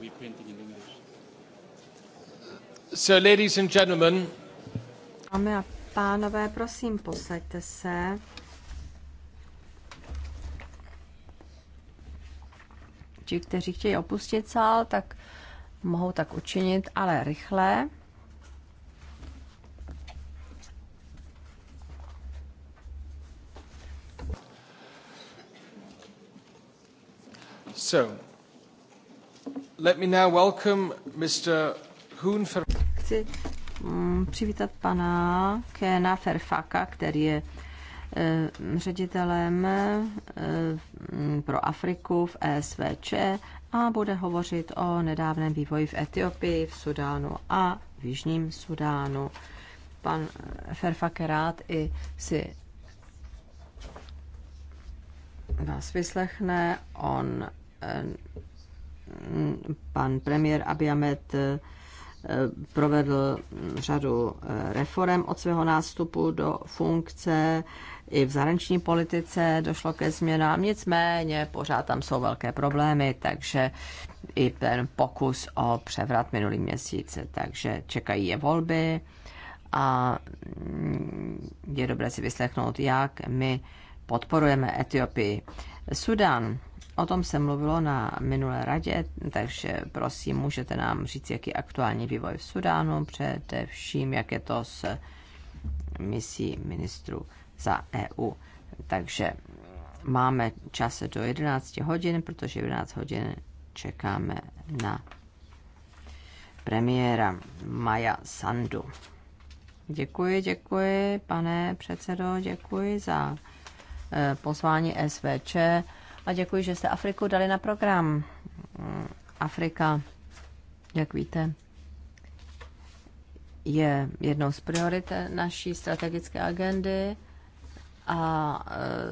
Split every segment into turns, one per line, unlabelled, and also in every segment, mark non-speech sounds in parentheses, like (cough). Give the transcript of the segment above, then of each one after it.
reprinting in English. So, ladies and gentlemen. Dámy a pánové, prosím, posaďte se. Ti, kteří chtějí opustit sál, tak mohou tak učinit, ale rychle.
So, Chci
mm, přivítat pana Kena Ferfaka, který je eh, ředitelem eh, pro Afriku v ESVČ a bude hovořit o nedávném vývoji v Etiopii, v Sudánu a v Jižním Sudánu. Pan Ferfak rád i si vás vyslechne. On eh, pan premiér Abiamet eh, provedl řadu eh, reform od svého nástupu do funkce. I v zahraniční politice došlo ke změnám, nicméně pořád tam jsou velké problémy, takže i ten pokus o převrat minulý měsíc. Takže čekají je volby a mm, je dobré si vyslechnout, jak my podporujeme Etiopii. Sudan O tom se mluvilo na minulé radě, takže prosím, můžete nám říct, jaký je aktuální vývoj v Sudánu, především jak je to s misí ministrů za EU. Takže máme čas do 11 hodin, protože 11 hodin čekáme na premiéra Maja Sandu. Děkuji, děkuji, pane předsedo, děkuji za eh, pozvání SVČ a děkuji, že jste Afriku dali na program. Afrika, jak víte, je jednou z priorit naší strategické agendy a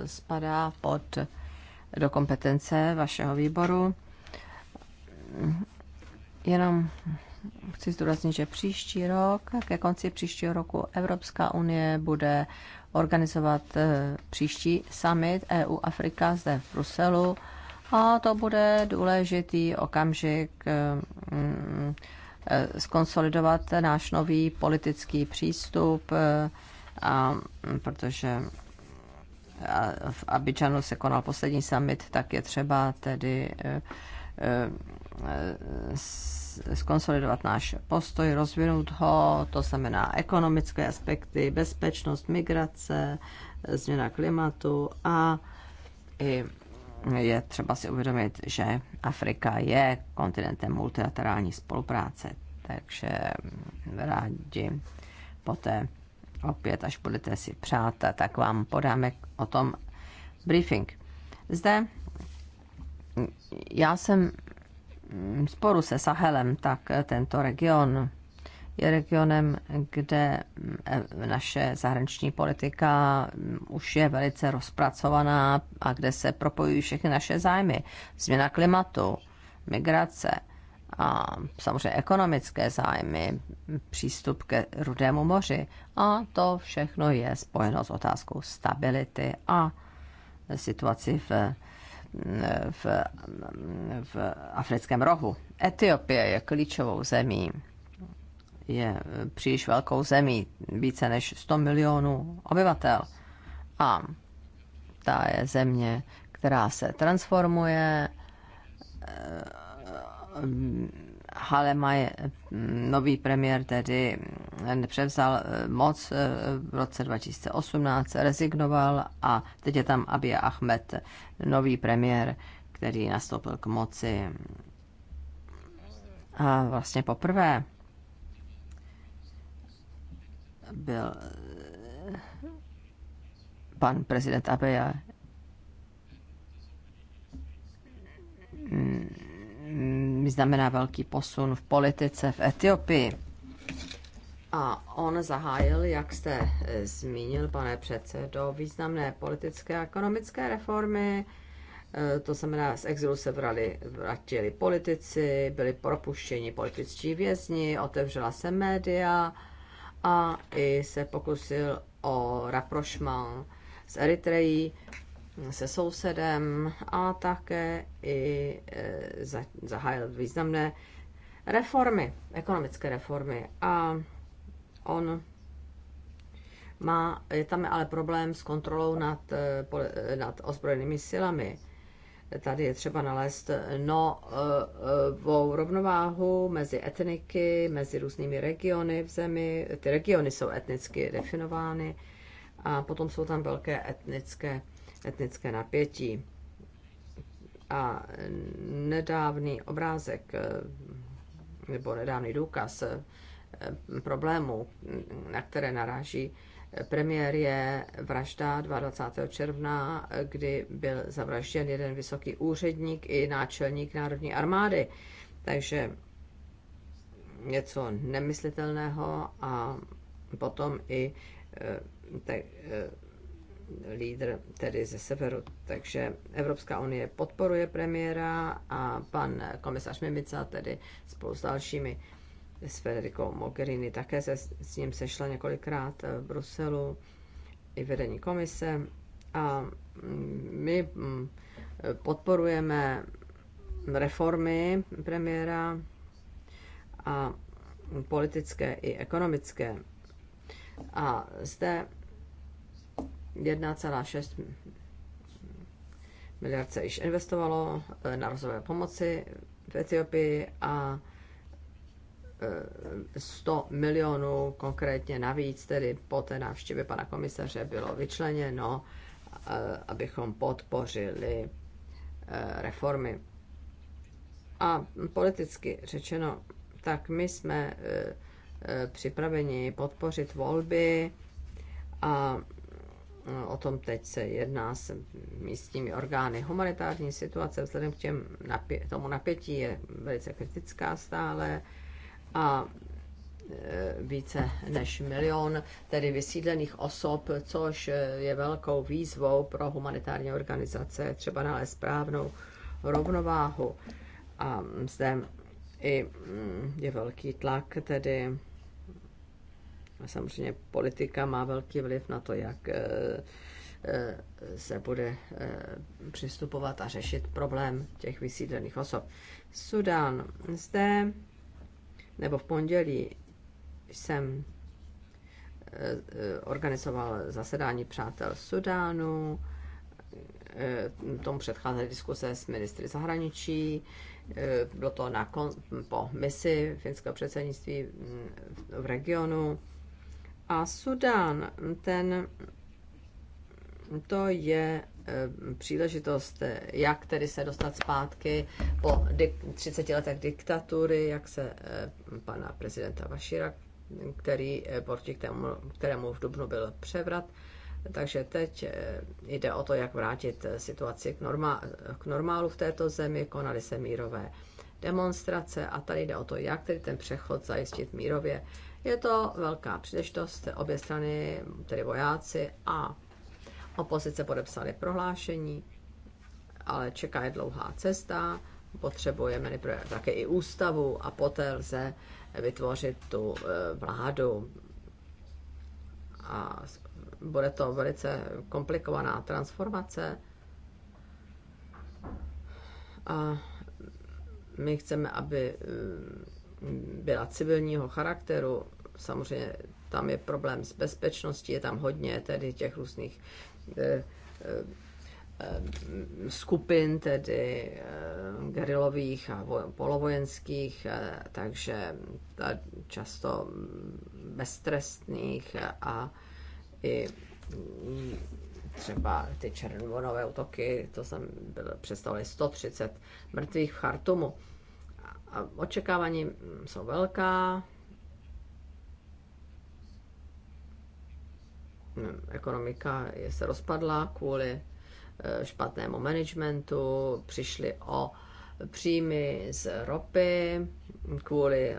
e, spadá pod do kompetence vašeho výboru. Jenom chci zdůraznit, že příští rok, ke konci příštího roku Evropská unie bude organizovat eh, příští summit EU-Afrika zde v Bruselu a to bude důležitý okamžik eh, mm, eh, skonsolidovat náš nový politický přístup, a, mm, protože v Abidžanu se konal poslední summit, tak je třeba tedy skonsolidovat náš postoj, rozvinout ho, to znamená ekonomické aspekty, bezpečnost, migrace, změna klimatu a i je třeba si uvědomit, že Afrika je kontinentem multilaterální spolupráce, takže rádi poté opět, až budete si přát, tak vám podáme o tom briefing. Zde já jsem sporu se Sahelem, tak tento region je regionem, kde eh, naše zahraniční politika mm, už je velice rozpracovaná a kde se propojují všechny naše zájmy. Změna klimatu, migrace a samozřejmě ekonomické zájmy, přístup ke Rudému moři. A to všechno je spojeno s otázkou stability a situaci v v, v africkém rohu. Etiopie je klíčovou zemí, je příliš velkou zemí, více než 100 milionů obyvatel. A ta je země, která se transformuje, Halema je mm, nový premiér, tedy mm, převzal eh, moc eh, v roce 2018, rezignoval a teď je tam Abiy Ahmed, nový premiér, který nastoupil k moci. A vlastně poprvé byl eh, pan prezident Abiy mm, znamená velký posun v politice v Etiopii. A on zahájil, jak jste eh, zmínil, pane předsedo, významné politické a ekonomické reformy. Eh, to znamená, z exilu se vrali, vrátili politici, byli propuštěni političtí vězni, otevřela se média a i se pokusil o rapprochement s Eritrejí se sousedem a také i e, zahájil významné reformy, ekonomické reformy. A on má, je tam ale problém s kontrolou nad, e, e, nad ozbrojenými silami. Tady je třeba nalézt novou rovnováhu mezi etniky, mezi různými regiony v zemi. Ty regiony jsou etnicky definovány a potom jsou tam velké etnické etnické napětí. A nedávný obrázek nebo nedávný důkaz eh, problémů, na které naráží premiér, je vražda 22. června, kdy byl zavražděn jeden vysoký úředník i náčelník Národní armády. Takže něco nemyslitelného a potom i eh, te, eh, lídr tedy ze severu. Takže Evropská unie podporuje premiéra a pan komisař Mimica tedy spolu s dalšími s Federico Mogherini také se s ním sešla několikrát v Bruselu i vedení komise a mm, my mm, podporujeme reformy premiéra a politické i ekonomické. A zde 1,6 miliard se již investovalo eh, na rozvojové pomoci v Etiopii a 100 eh, milionů konkrétně navíc, tedy po té návštěvě pana komisaře, bylo vyčleněno, eh, abychom podpořili reformy. A politicky řečeno, tak my jsme připraveni podpořit volby a o tom teď se jedná s místními orgány. Humanitární situace vzhledem k těm napě- tomu napětí je velice kritická stále a e, více než milion tedy vysídlených osob, což je velkou výzvou pro humanitární organizace třeba nalézt správnou rovnováhu. A zde i mm, je velký tlak tedy Samozřejmě politika má velký vliv na to, jak eh, eh, se bude eh, přistupovat a řešit problém těch vysídlených osob. Sudán. Zde nebo v pondělí jsem organizoval zasedání přátel Sudánu, tomu předcházely diskuse s ministry zahraničí, bylo to na, po misi finského předsednictví mm, v regionu a Sudán, ten, to je e, příležitost, jak tedy se dostat zpátky po 30 letech diktatury, jak se e, pana prezidenta Vašira, který e, proti kterému, kterému v Dubnu byl převrat, takže teď jde o to, jak vrátit situaci k, normál, k normálu v této zemi. Konaly se mírové demonstrace a tady jde o to, jak tedy ten přechod zajistit mírově. Je to velká příležitost, obě strany, tedy vojáci a opozice podepsali prohlášení, ale čeká je dlouhá cesta, potřebujeme také i ústavu a poté lze vytvořit tu e, vládu. A bude to velice komplikovaná transformace. A my chceme, aby byla civilního charakteru. Samozřejmě tam je problém s bezpečností, je tam hodně tedy těch různých eh, eh, skupin, tedy eh, gerilových a polovojenských, takže často beztrestných a i mm, třeba ty červonové útoky, to jsem představili 130 mrtvých v Chartumu a očekávání mm, jsou velká. Mm, ekonomika je se rozpadla kvůli e, špatnému managementu, přišli o příjmy z ropy kvůli e,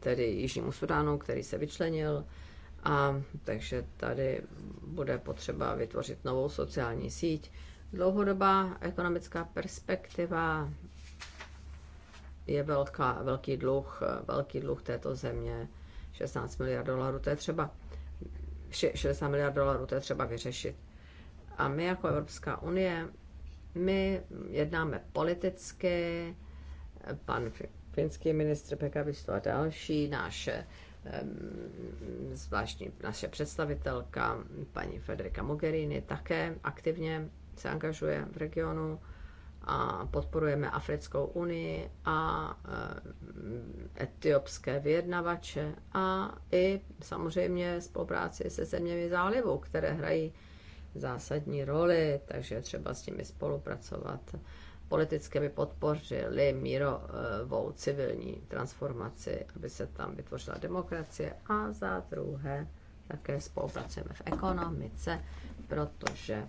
tedy Jižnímu Sudánu, který se vyčlenil. A takže tady bude potřeba vytvořit novou sociální síť. Dlouhodobá ekonomická perspektiva je velká, velký dluh, eh, velký dluh této země, 16 miliard dolarů, to je třeba 60 miliard dolarů, to je třeba vyřešit. A my jako Evropská unie, my jednáme politicky, pan finský ministr Pekavisto a další, naše zvláštní naše představitelka, paní Federica Mogherini, také aktivně se angažuje v regionu a podporujeme Africkou unii a eh, etiopské vyjednavače a i samozřejmě spolupráci se zeměmi zálivu, které hrají zásadní roli, takže třeba s nimi spolupracovat. politické by podpořili mírovou civilní transformaci, aby se tam vytvořila demokracie a za druhé také spolupracujeme v ekonomice, protože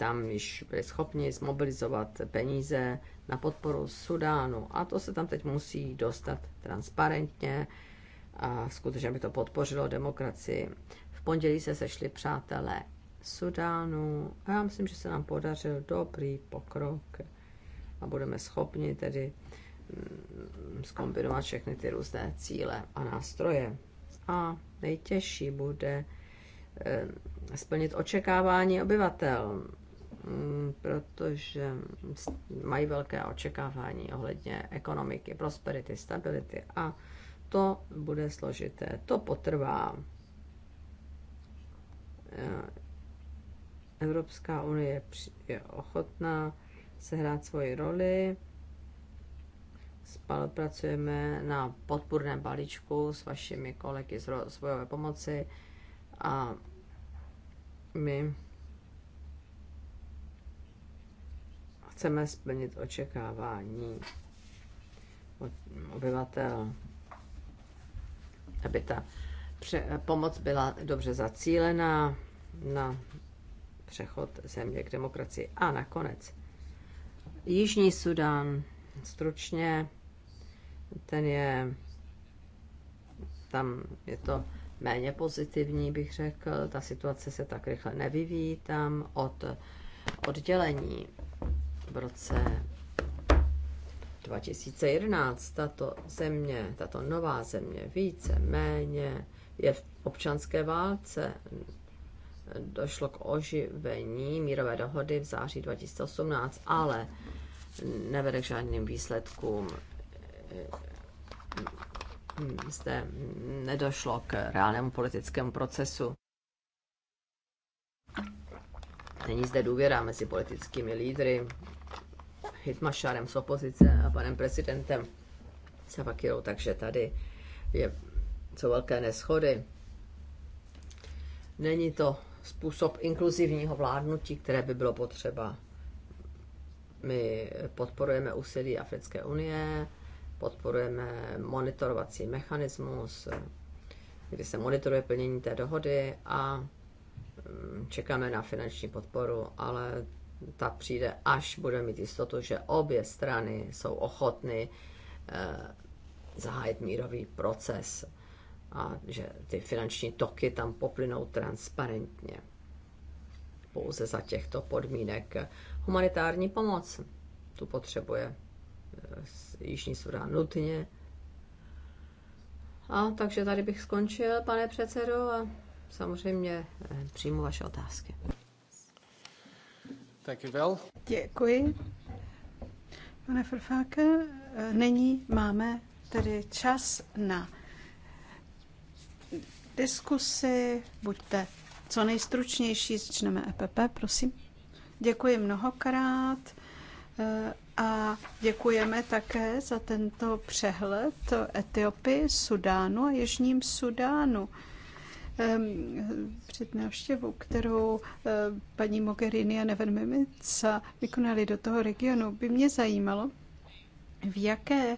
tam již byli schopni zmobilizovat peníze na podporu Sudánu. A to se tam teď musí dostat transparentně a skutečně by to podpořilo demokracii. V pondělí se sešli přátelé Sudánu a já myslím, že se nám podařil dobrý pokrok a budeme schopni tedy mm, zkombinovat všechny ty různé cíle a nástroje. A nejtěžší bude eh, splnit očekávání obyvatel Mm, protože mají velké očekávání ohledně ekonomiky, prosperity, stability a to bude složité, to potrvá. E, Evropská unie je ochotná sehrát svoji roli. Spolupracujeme na podpůrném balíčku s vašimi kolegy z rozvojové pomoci a my chceme splnit očekávání obyvatel, aby ta pomoc byla dobře zacílená na přechod země k demokracii. A nakonec Jižní Sudan, stručně, ten je, tam je to méně pozitivní, bych řekl. Ta situace se tak rychle nevyvíjí tam od oddělení v roce 2011 tato země, tato nová země více méně je v občanské válce. Došlo k oživení mírové dohody v září 2018, ale nevede k žádným výsledkům. Zde nedošlo k reálnému politickému procesu. Není zde důvěra mezi politickými lídry Hitmašarem z opozice a panem prezidentem Savakirou, takže tady je, co velké neschody. Není to způsob inkluzivního vládnutí, které by bylo potřeba. My podporujeme úsilí Africké unie, podporujeme monitorovací mechanismus, kdy se monitoruje plnění té dohody a mm, čekáme na finanční podporu, ale ta přijde, až bude mít jistotu, že obě strany jsou ochotny eh, zahájit mírový proces a že ty finanční toky tam poplynou transparentně. Pouze za těchto podmínek humanitární pomoc tu potřebuje eh, Jižní Sudán nutně. A takže tady bych skončil, pane předsedo, a samozřejmě eh, přijmu vaše otázky. Děkuji.
Pane Frfáke, nyní máme tedy čas na diskusi. Buďte co nejstručnější, začneme EPP, prosím. Děkuji mnohokrát eh, a děkujeme také za tento přehled Etiopii, Sudánu a Jižním Sudánu před návštěvou, kterou eh, paní Mogherini a Neven Mimica vykonali do toho regionu, by mě zajímalo, v jaké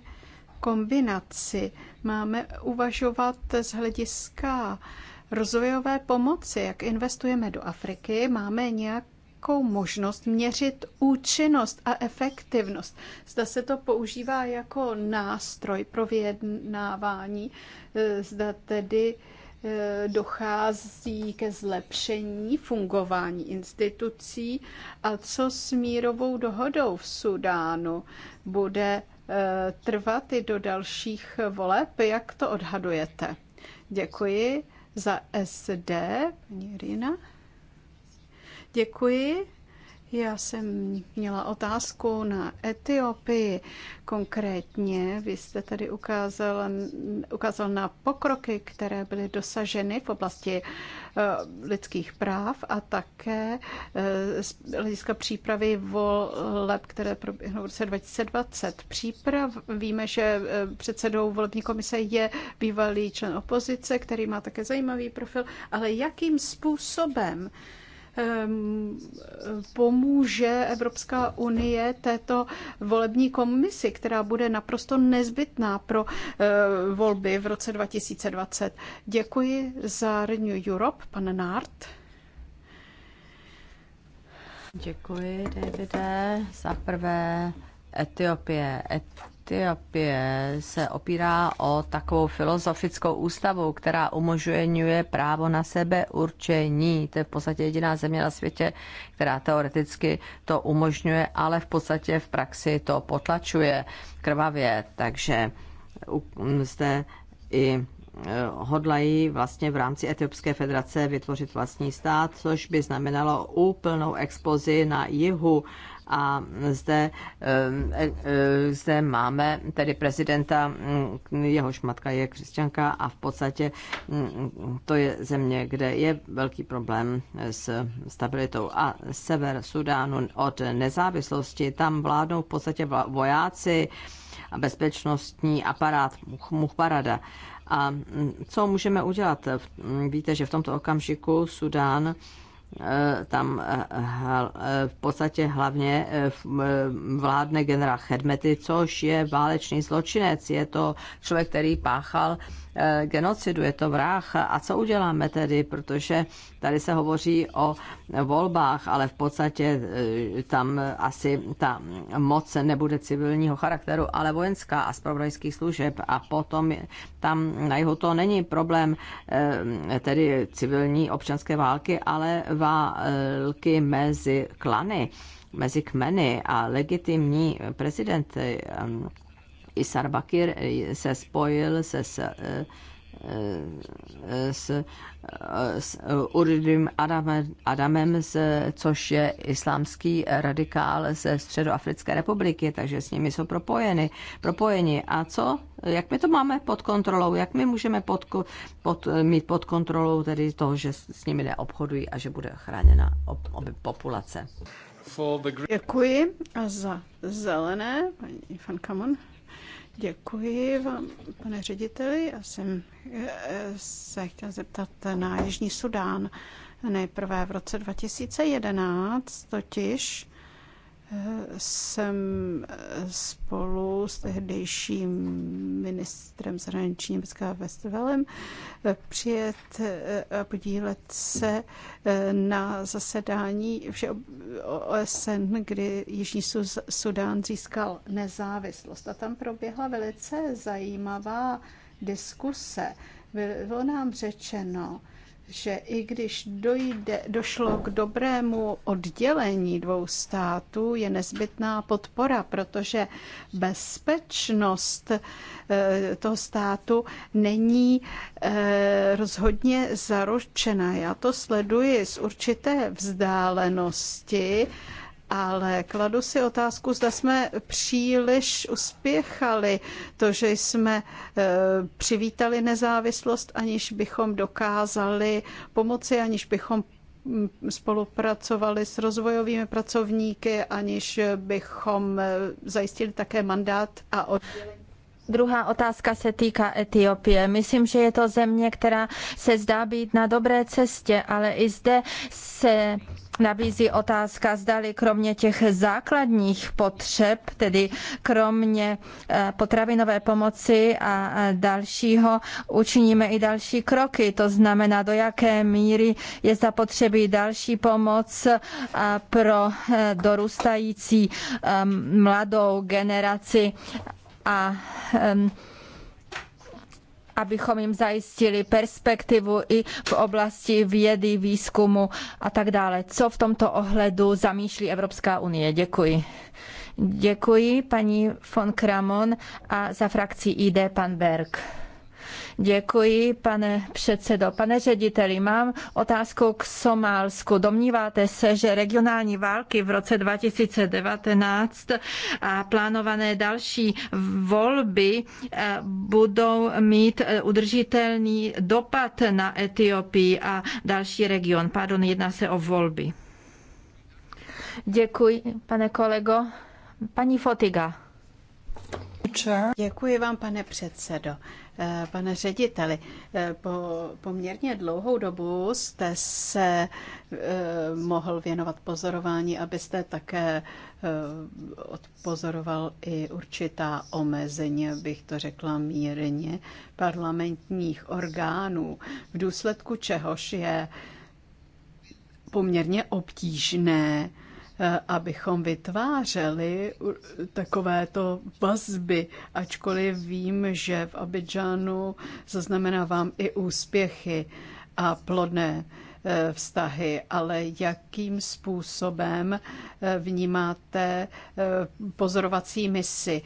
kombinaci máme uvažovat z hlediska rozvojové pomoci, jak investujeme do Afriky, máme nějak nějakou možnost měřit účinnost a efektivnost. Zda se to používá jako nástroj pro vyjednávání, eh, zda tedy Eh, dochází ke zlepšení fungování institucí a co s mírovou dohodou v Sudánu bude eh, trvat i do dalších voleb. Jak to odhadujete? Děkuji za SD, paní Rina. Děkuji. Já jsem měla otázku na Etiopii. Konkrétně vy jste tady ukázal, ukázal na pokroky, které byly dosaženy v oblasti eh, lidských práv a také eh, z hlediska přípravy voleb, které proběhnou v roce 2020. Příprav, víme, že eh, předsedou volební komise je bývalý člen opozice, který má také zajímavý profil, ale jakým způsobem Ehm, pomůže Evropská unie této volební komisi, která bude naprosto nezbytná pro eh, volby v roce 2020. Děkuji za Renew Europe, pane Nart.
Děkuji, Davide. Za prvé Etiopie. Et- Etiopie se opírá o takovou filozofickou ústavu, která umožňuje právo na sebe určení. To je v podstatě jediná země na světě, která teoreticky to umožňuje, ale v podstatě v praxi to potlačuje krvavě. Takže zde i e, hodlají vlastně v rámci Etiopské federace vytvořit vlastní stát, což by znamenalo úplnou explozi na jihu a zde, e, e, zde máme tedy prezidenta, jehož matka je křesťanka a v podstatě to je země, kde je velký problém s stabilitou. A sever Sudánu od nezávislosti, tam vládnou v podstatě vojáci a bezpečnostní aparát Muhbarada. A co můžeme udělat? Víte, že v tomto okamžiku Sudán Eh, tam eh, eh, v podstatě hlavně vládne generál Chedmety, což je válečný zločinec. Je to člověk, který páchal Eh, genocidu, je to vrah. A co uděláme tedy, protože tady se hovoří o volbách, ale v podstatě eh, tam asi ta moc nebude civilního charakteru, ale vojenská a zpravodajských služeb. A potom tam na jihu to není problém eh, tedy civilní občanské války, ale války mezi klany mezi kmeny a legitimní prezident Isar Bakir eh, se spojil se s eh, eh, s, s Uridim Adamem, s, z, což je islámský radikál ze Středoafrické republiky, takže s nimi jsou propojeny, propojeni. A co? Jak my to máme pod kontrolou? Jak my můžeme pod, pod, mít pod kontrolou tedy to, že s nimi neobchodují a že bude chráněna ob, ob, populace?
Děkuji a za zelené, paní Van Kamon. Děkuji vám, pane řediteli. Já jsem eh, se chtěl zeptat na Jižní Sudán. Nejprve v roce 2011 totiž jsem eh, spolu s tehdejším ministrem zahraničí Německá Westwellem eh, přijet eh, a podílet se na zasedání OSN, kdy Jižní Sudán získal nezávislost. A tam proběhla velice zajímavá diskuse. Bylo nám řečeno, že i když dojde, došlo k dobrému oddělení dvou států, je nezbytná podpora, protože bezpečnost eh, toho státu není eh, rozhodně zaručena. Já to sleduji z určité vzdálenosti ale kladu si otázku, zda jsme příliš uspěchali to, že jsme e, přivítali nezávislost, aniž bychom dokázali pomoci, aniž bychom spolupracovali s rozvojovými pracovníky, aniž bychom e, zajistili také
mandát a oddělení Druhá otázka se týká Etiopie. Myslím, že je to země, která se zdá být na dobré cestě, ale i zde se nabízí otázka, zdali kromě těch základních potřeb, tedy kromě eh, potravinové pomoci a dalšího, učiníme i další kroky. To znamená, do jaké míry je zapotřebí další pomoc eh, pro eh, dorůstající mladou generaci a abychom jim zajistili perspektivu i v oblasti vědy, výzkumu a tak dále. Co v tomto ohledu zamýšlí Evropská unie? Děkuji. Děkuji paní von Kramon a za frakci ID pan Berg. Děkuji, pane předsedo. Pane řediteli, mám otázku k Somálsku. Domníváte se, že regionální války v roce 2019 a plánované další volby eh, budou mít eh, udržitelný dopad na Etiopii a další region. Pardon, jedná se o volby. Děkuji, pane kolego. Paní Fotiga.
Děkuji vám, pane předsedo. Eh, pane řediteli, eh, po poměrně dlouhou dobu jste se eh, mohl věnovat pozorování, abyste také odpozoroval i určitá omezení, bych to řekla mírně, parlamentních orgánů, v důsledku čehož je poměrně obtížné Eh, abychom vytvářeli takovéto vazby, ačkoliv vím, že v Abidžanu zaznamenávám i úspěchy a plodné Eh, vztahy, ale jakým způsobem eh, vnímáte eh, pozorovací misi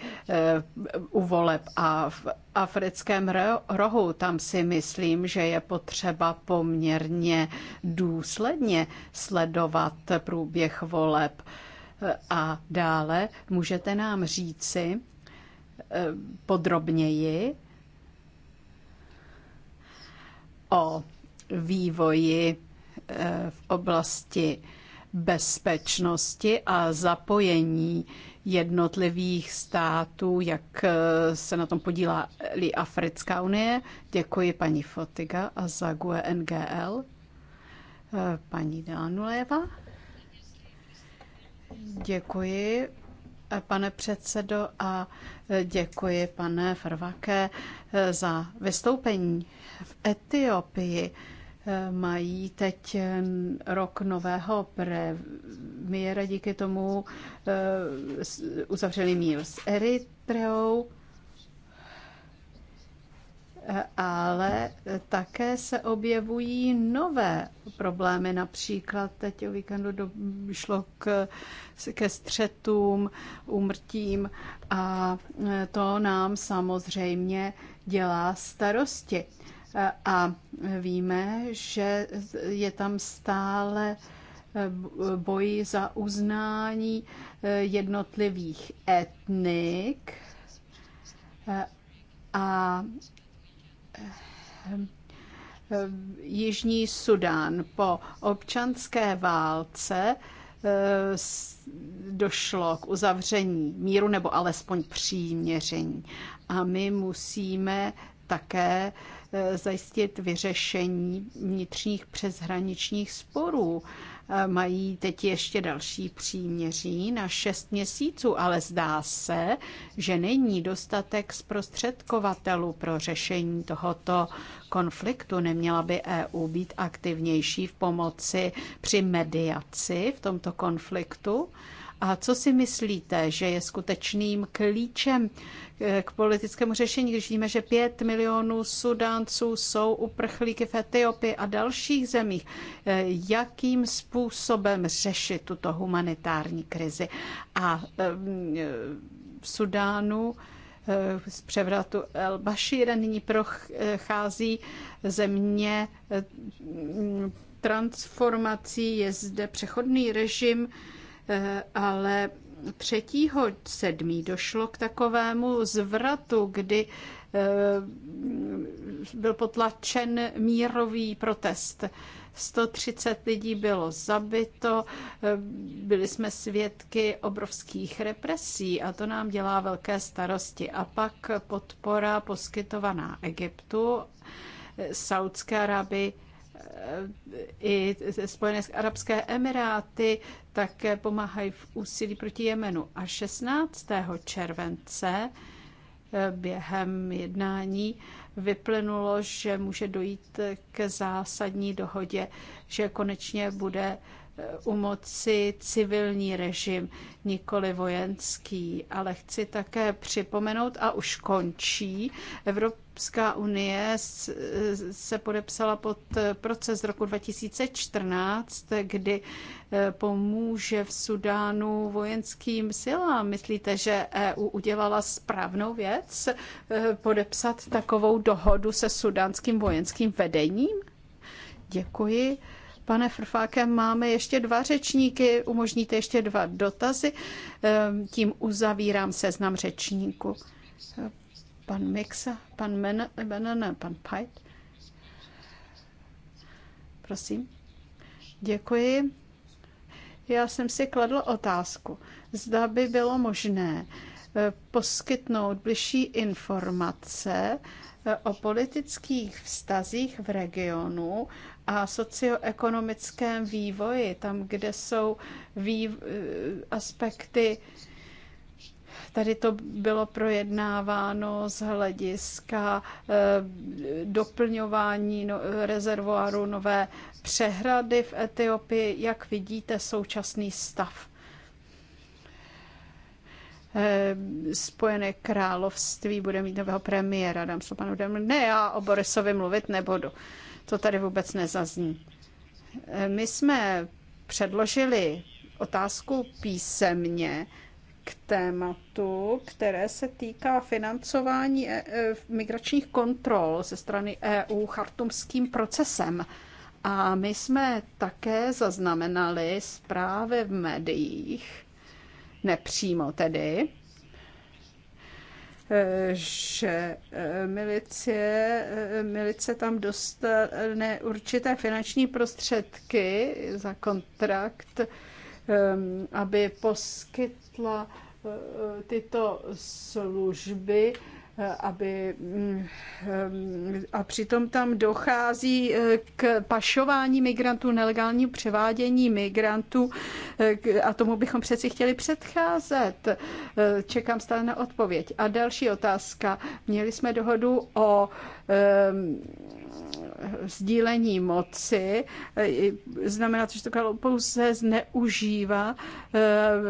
u voleb a v africkém rohu, tam si myslím, že je potřeba poměrně důsledně sledovat průběh voleb. A dále můžete nám říci podrobněji o vývoji Eh, v oblasti bezpečnosti a zapojení jednotlivých států, jak eh, se na tom podílí Africká unie. Děkuji paní Fotiga a za GUE NGL. Eh, paní Danuleva. Děkuji, pane předsedo, a děkuji, pane Farvake, za vystoupení v Etiopii mají teď rok nového premiéra, díky tomu eh, uzavřeli mír s Eritreou, eh, ale také se objevují nové problémy. Například teď o víkendu došlo k, ke střetům, úmrtím a eh, to nám samozřejmě dělá starosti. A víme, že je tam stále eh, boj za uznání eh, jednotlivých etnik eh, a Jižní Sudán po občanské válce došlo k uzavření míru nebo alespoň příměření. A my musíme také Eh, zajistit vyřešení vnitřních přeshraničních sporů. Eh, mají teď ještě další příměří na 6 měsíců, ale zdá se, že není dostatek zprostředkovatelů pro řešení tohoto konfliktu. Neměla by EU být aktivnější v pomoci při mediaci v tomto konfliktu? A co si myslíte, že je skutečným klíčem eh, k politickému řešení, když víme, že pět milionů Sudánců jsou uprchlíky v Etiopii a dalších zemích? Eh, jakým způsobem řešit tuto humanitární krizi? A v eh, Sudánu z převratu El Bashir nyní prochází země transformací, je zde přechodný režim, Eh, ale 3. 7. došlo k takovému zvratu, kdy eh, byl potlačen mírový protest. 130 lidí bylo zabito, eh, byli jsme svědky obrovských represí a to nám dělá velké starosti. A pak podpora poskytovaná Egyptu, Saudské Arabii, i Spojené arabské emiráty také pomáhají v úsilí proti Jemenu. A 16. července eh, během jednání vyplynulo, že může dojít k zásadní dohodě, že konečně bude Eh, u moci civilní režim, nikoli vojenský. Ale chci také připomenout, a už končí, Evropská unie eh, se podepsala pod eh, proces roku 2014, kdy pomůže v Sudánu vojenským silám. Myslíte, že EU udělala správnou věc podepsat takovou dohodu se sudánským vojenským vedením? Děkuji. Pane Frfáke, máme ještě dva řečníky, umožníte ještě dva dotazy, ehm, tím uzavírám seznam řečníků. Pan Mixa, pan Benan, pan Pajt. Prosím. Děkuji. Já jsem si kladl otázku, zda by bylo možné eh, poskytnout bližší informace eh, o politických vztazích v regionu a socioekonomickém vývoji, tam, kde jsou výv- eh, aspekty Tady to bylo projednáváno z hlediska eh, doplňování no, rezervoáru nové přehrady v Etiopii. Jak vidíte současný stav? Eh, Spojené království bude mít nového premiéra. Dám se panu Deml. Ne, já o Borisovi mluvit nebudu. To tady vůbec nezazní. My jsme předložili otázku písemně k tématu, které se týká financování eh, eh, migračních kontrol ze strany EU chartumským procesem. A my jsme také zaznamenali zprávy v médiích, nepřímo tedy, že eh, milicie, eh, milice tam dostane určité finanční prostředky za kontrakt, ehm, aby poskytla eh, tyto služby aby mm, mm, a přitom tam dochází eh, k pašování migrantů, nelegálnímu převádění migrantů eh, a tomu bychom přeci chtěli předcházet. Eh, čekám stále na odpověď. A další otázka. Měli jsme dohodu o sdílení moci. Znamená to, že to Kalo pouze zneužívá,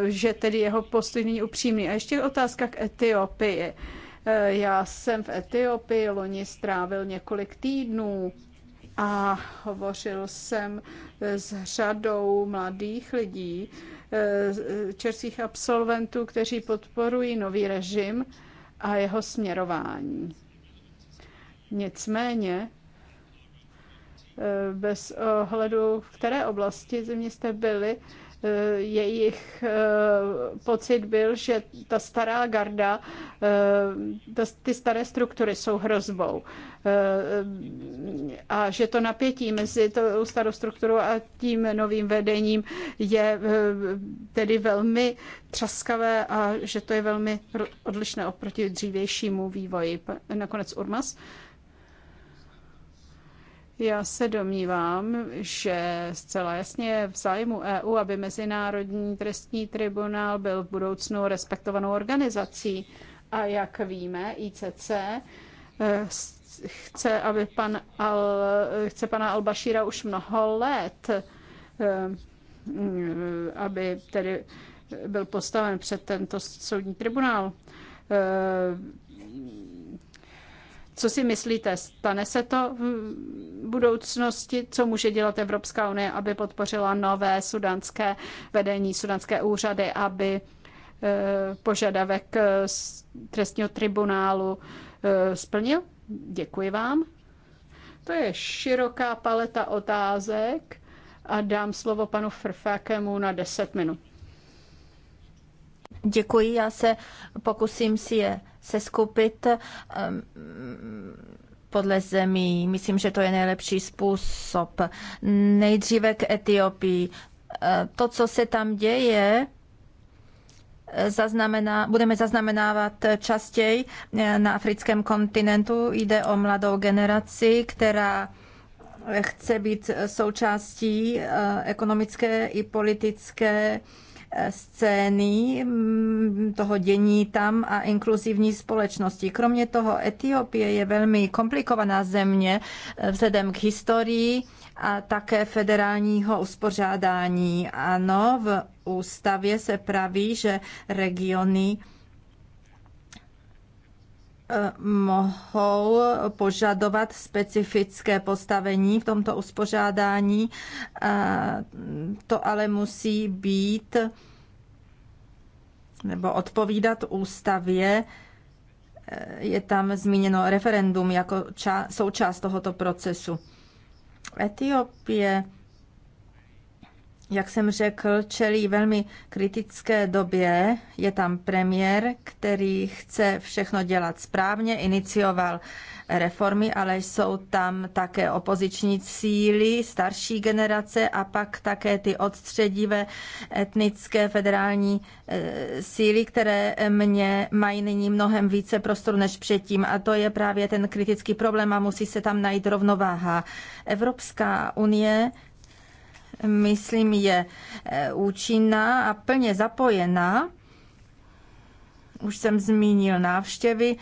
že tedy jeho postoj není upřímný. A ještě otázka k Etiopii Eh, já jsem v Etiopii loni strávil několik týdnů a hovořil jsem eh, s řadou mladých lidí, eh, českých absolventů, kteří podporují nový režim a jeho směrování. Nicméně, bez ohledu, v které oblasti země jste byli, Eh, jejich eh, pocit byl, že ta stará garda, eh, ty staré struktury jsou hrozbou a že to napětí mezi tou starou strukturou a tím novým vedením je tedy velmi třaskavé a že to je velmi odlišné oproti dřívějšímu vývoji. Nakonec Urmas. Já se domnívám, že zcela jasně je v zájmu EU, aby Mezinárodní trestní tribunál byl v budoucnu respektovanou organizací. A jak víme, ICC eh, chce, aby pan Al, chce pana Albašíra už mnoho let, eh, aby tedy byl postaven před tento soudní tribunál eh, co si myslíte, stane se to v budoucnosti? Co může dělat Evropská unie, aby podpořila nové sudanské vedení, sudanské úřady, aby eh, požadavek eh, trestního tribunálu eh, splnil? Děkuji vám. To je široká paleta otázek a dám slovo panu Frfákemu
na 10 minut. Děkuji, já se pokusím si je se skupit ehm, podle zemí. Myslím, že to je nejlepší způsob. Nejdříve k Etiopii. Ehm, to, co se tam děje, eh, zaznamená, budeme zaznamenávat častěji eh, na africkém kontinentu. Jde o mladou generaci, která chce být součástí eh, ekonomické i politické Eh, scény mm, toho dění tam a inkluzivní společnosti. Kromě toho Etiopie je velmi komplikovaná země eh, vzhledem k historii a také federálního uspořádání. Ano, v ústavě se praví, že regiony mohou požadovat specifické postavení v tomto uspořádání. To ale musí být nebo odpovídat ústavě. Je tam zmíněno referendum jako součást tohoto procesu. Etiopie jak jsem řekl, čelí velmi kritické době. Je tam premiér, který chce všechno dělat správně, inicioval reformy, ale jsou tam také opoziční síly starší generace a pak také ty odstředivé etnické federální eh, síly, které mě mají nyní mnohem více prostoru než předtím. A to je právě ten kritický problém a musí se tam najít rovnováha. Evropská unie myslím, je e, účinná a plně zapojená. Už jsem zmínil návštěvy.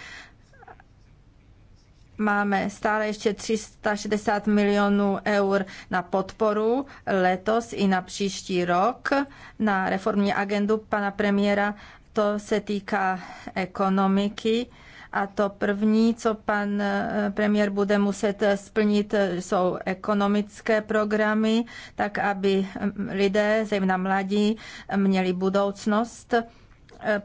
Máme stále ještě 360 milionů eur na podporu letos i na příští rok na reformní agendu pana premiéra. To se týká ekonomiky a to první, co pan eh, premiér bude muset eh, splnit, eh, jsou ekonomické programy, tak aby lidé, zejména mladí, měli budoucnost.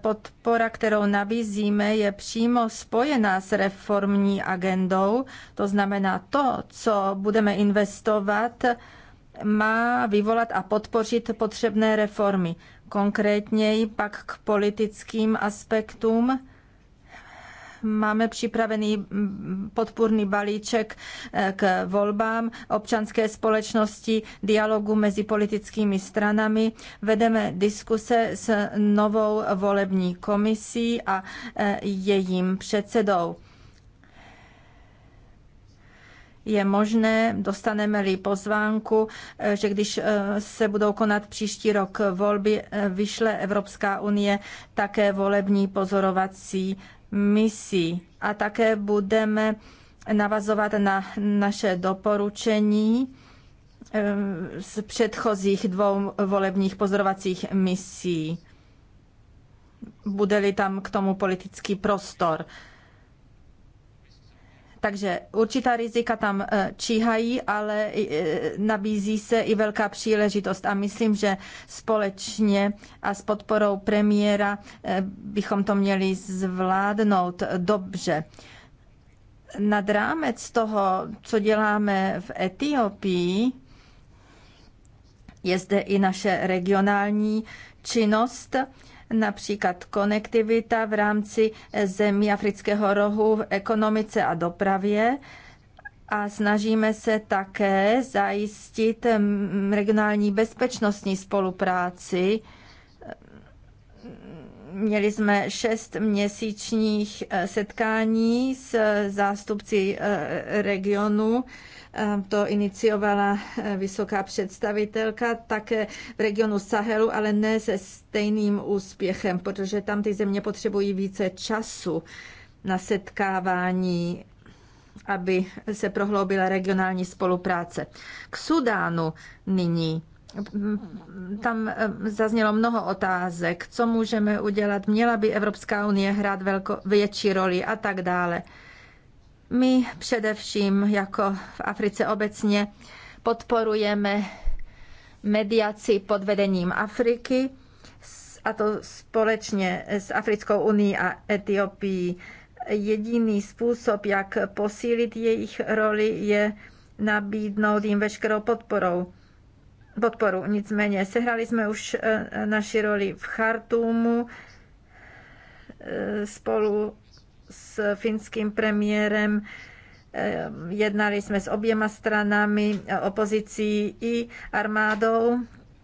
Podpora, kterou nabízíme, je přímo spojená s reformní agendou. To znamená, to, co budeme investovat, má vyvolat a podpořit potřebné reformy. Konkrétněji pak k politickým aspektům Máme připravený podpůrný balíček eh, k volbám občanské společnosti, dialogu mezi politickými stranami. Vedeme diskuse s novou volební komisí a eh, jejím předsedou je možné, dostaneme-li pozvánku, eh, že když se budou konat příští rok volby, vyšle Evropská unie také volební pozorovací misí a také budeme navazovat na naše doporučení eh, z předchozích dvou volebních pozorovacích misí. Bude-li tam k tomu politický
prostor.
Takže určitá rizika tam e, číhají, ale e, nabízí se i velká příležitost a myslím, že společně a s podporou premiéra e, bychom to měli zvládnout dobře. Nad rámec toho, co děláme v Etiopii, je zde i naše regionální činnost například konektivita v rámci zemí Afrického rohu v ekonomice a dopravě a snažíme se také zajistit regionální bezpečnostní spolupráci. Měli jsme šest měsíčních eh, setkání s eh, zástupci eh, regionu Ehm, to iniciovala eh, vysoká představitelka také v regionu Sahelu, ale ne se stejným úspěchem, protože tam ty země potřebují více času na setkávání aby se prohloubila regionální spolupráce. K Sudánu nyní. Ehm, tam ehm, zaznělo mnoho otázek, co můžeme udělat, měla by Evropská unie hrát velko, větší roli a tak dále. My především, jako v Africe obecně, podporujeme mediaci pod vedením Afriky, a to společně s Africkou unii a Etiopií. Jediný způsob, jak posílit jejich roli, je nabídnout jim veškerou podporou. podporu. Nicméně sehrali jsme už eh, naši roli v Chartumu eh, spolu s finským premiérem. Jednali jsme s oběma stranami, e, opozicí i armádou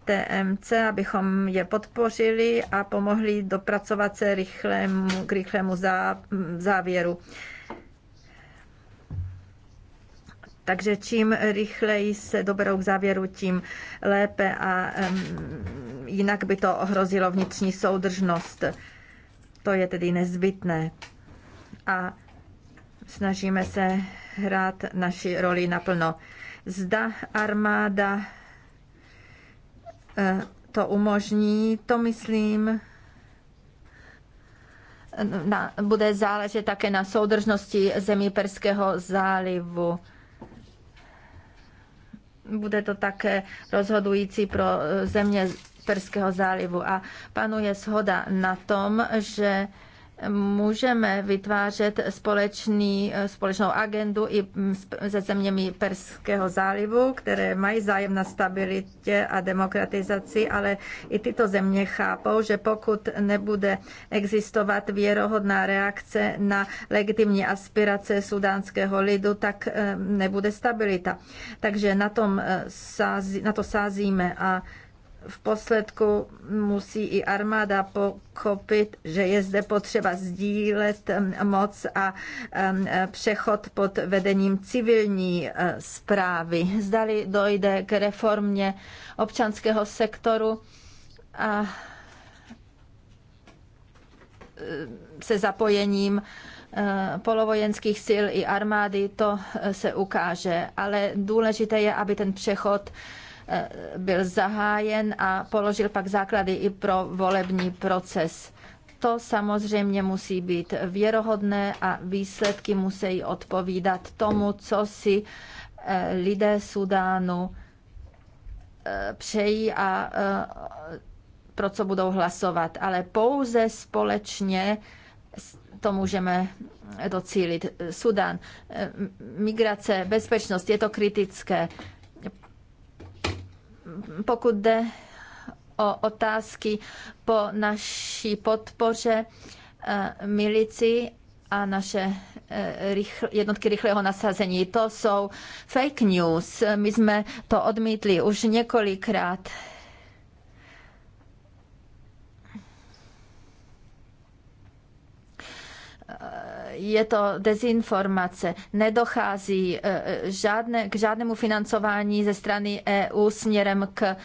TMC, abychom je podpořili a pomohli dopracovat se rychlému, k rychlému závěru. Takže čím rychleji se doberou k závěru, tím lépe a um, jinak by to ohrozilo vnitřní soudržnost. To je tedy nezbytné a snažíme se hrát naši roli naplno. Zda armáda eh, to umožní, to myslím, na, bude záležet také na soudržnosti zemí Perského zálivu. Bude to také rozhodující pro eh, země Perského zálivu a panuje shoda na tom, že můžeme vytvářet společný, společnou agendu i se zeměmi Perského zálivu, které mají zájem na stabilitě a demokratizaci, ale i tyto země chápou, že pokud nebude existovat věrohodná reakce na legitimní aspirace sudánského lidu, tak eh, nebude stabilita. Takže na, tom eh, sází, na to sázíme a v posledku musí i armáda pokopit, že je zde potřeba sdílet um, moc a um, přechod pod vedením civilní zprávy. Uh, Zdali dojde k reformě občanského sektoru a uh, se zapojením uh, polovojenských sil i armády, to se ukáže. Ale důležité je, aby ten přechod Eh, byl zahájen a položil pak základy i pro volební proces. To samozřejmě musí být věrohodné a výsledky musí odpovídat tomu, co si eh, lidé Sudánu eh, přejí a pro co budou hlasovat. Ale pouze společně to můžeme docílit. Sudán, migrace, bezpečnost, je to kritické pokud jde o otázky po naší podpoře eh, milici a naše eh, jednotky rychlého nasazení. To jsou fake news. My jsme to odmítli už několikrát je to dezinformace. Nedochází eh, žádné, k žádnému financování ze strany EU směrem k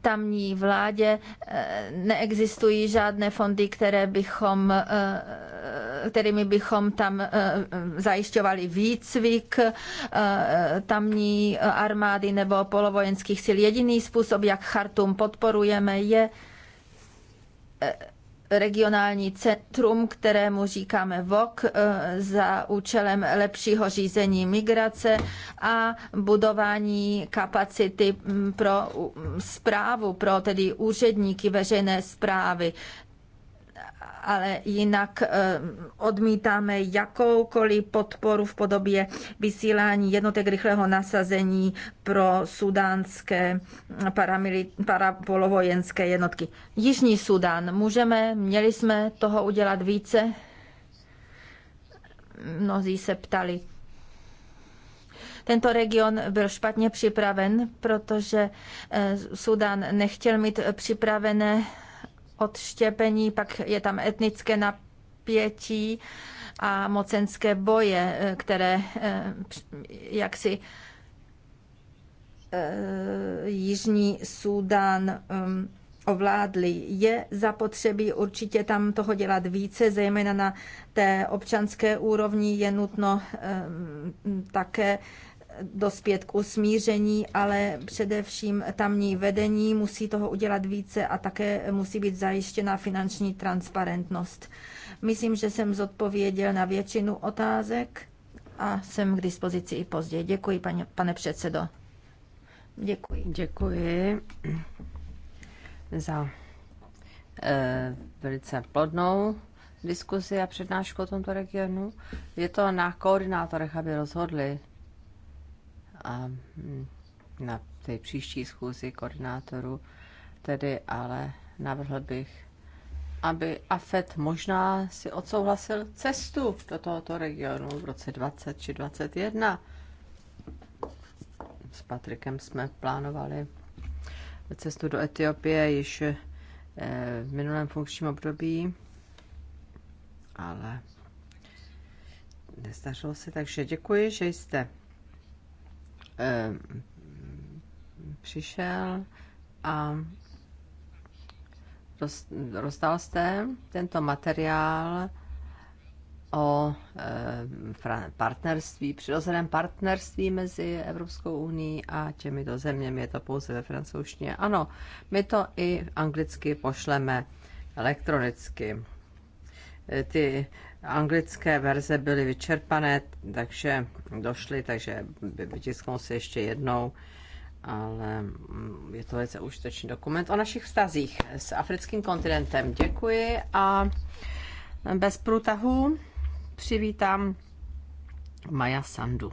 tamní vládě. Eh, neexistují žádné fondy, které bychom, eh, kterými bychom tam zajišťovali výcvik tamní armády nebo polovojenských sil. Jediný způsob, jak Chartum podporujeme, je regionální centrum, kterému říkáme VOK eh, za účelem lepšího řízení migrace a budování kapacity mm, pro zprávu, mm, pro tedy úředníky veřejné zprávy ale jinak eh, odmítáme jakoukoliv podporu v podobě vysílání jednotek rychlého nasazení pro sudánské parapolovojenské jednotky. Jižní Sudán, můžeme, měli jsme toho udělat více? Mnozí se ptali. Tento region byl špatně připraven, protože eh, Sudan nechtěl mít připravené odštěpení, pak je tam etnické napětí a mocenské boje, eh, které eh, jaksi eh, Jižní Súdán ovládli. Je zapotřebí určitě tam toho dělat více, zejména na té občanské úrovni je nutno také dospět k usmíření, ale především tamní vedení musí toho udělat více a také musí být zajištěna finanční transparentnost. Myslím, že jsem zodpověděl na většinu otázek a jsem k dispozici i později. Děkuji, paní,
pane předsedo. Děkuji. Děkuji za eh, velice plodnou diskuzi a přednášku o tomto regionu. Je to na koordinátorech, aby rozhodli, a hm, na té příští schůzi koordinátorů, tedy ale navrhl bych, aby AFET možná si odsouhlasil cestu do tohoto regionu v roce 20 či 21. S Patrikem jsme plánovali cestu do Etiopie již eh, v minulém funkčním období, ale nestařilo se, takže děkuji, že jste Eh, přišel a rozdal jste tento materiál o eh, partnerství, přirozeném partnerství mezi Evropskou unii a těmito zeměmi. Je to pouze ve francouzštině. Ano, my to i anglicky pošleme elektronicky. Eh, ty anglické verze byly vyčerpané, takže došly, takže vytisknou se ještě jednou, ale mm, je to velice užitečný dokument o našich vztazích s africkým kontinentem. Děkuji a bez průtahu přivítám Maja Sandu.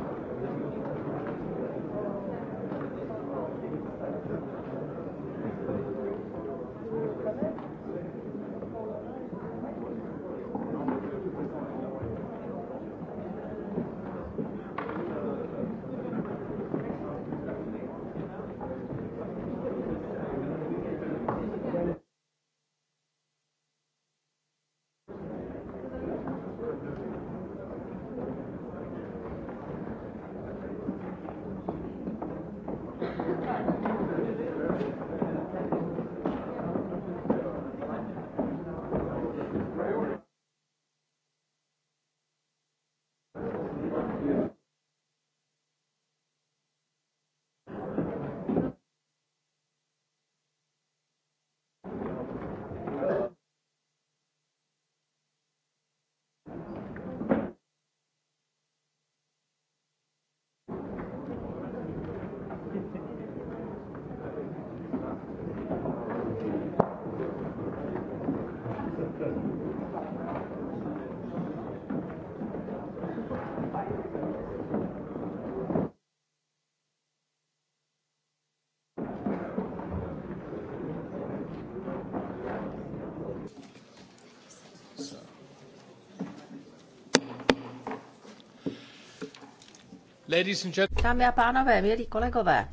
Dámy a pánové, milí kolegové,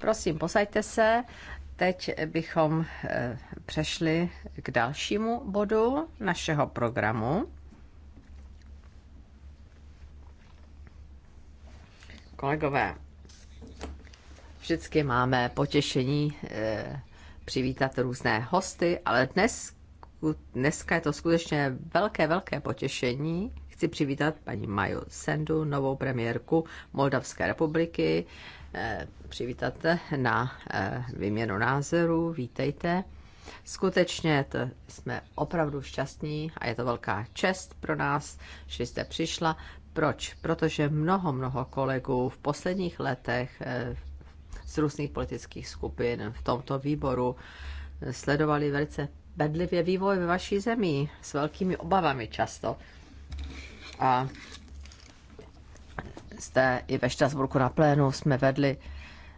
prosím, posaďte se. Teď bychom eh, přešli k dalšímu bodu našeho programu. Kolegové, vždycky máme potěšení eh, přivítat různé hosty, ale dnes, dneska je to skutečně velké, velké potěšení Chci přivítat paní Maju Sendu, novou premiérku Moldavské republiky. Eh, přivítat na eh, vyměnu názorů. Vítejte. Skutečně to jsme opravdu šťastní a je to velká čest pro nás, že jste přišla. Proč? Protože mnoho, mnoho kolegů v posledních letech eh, z různých politických skupin v tomto výboru sledovali velice bedlivě vývoj ve vaší zemi s velkými obavami často. A zde i ve Štrasburku na plénu jsme vedli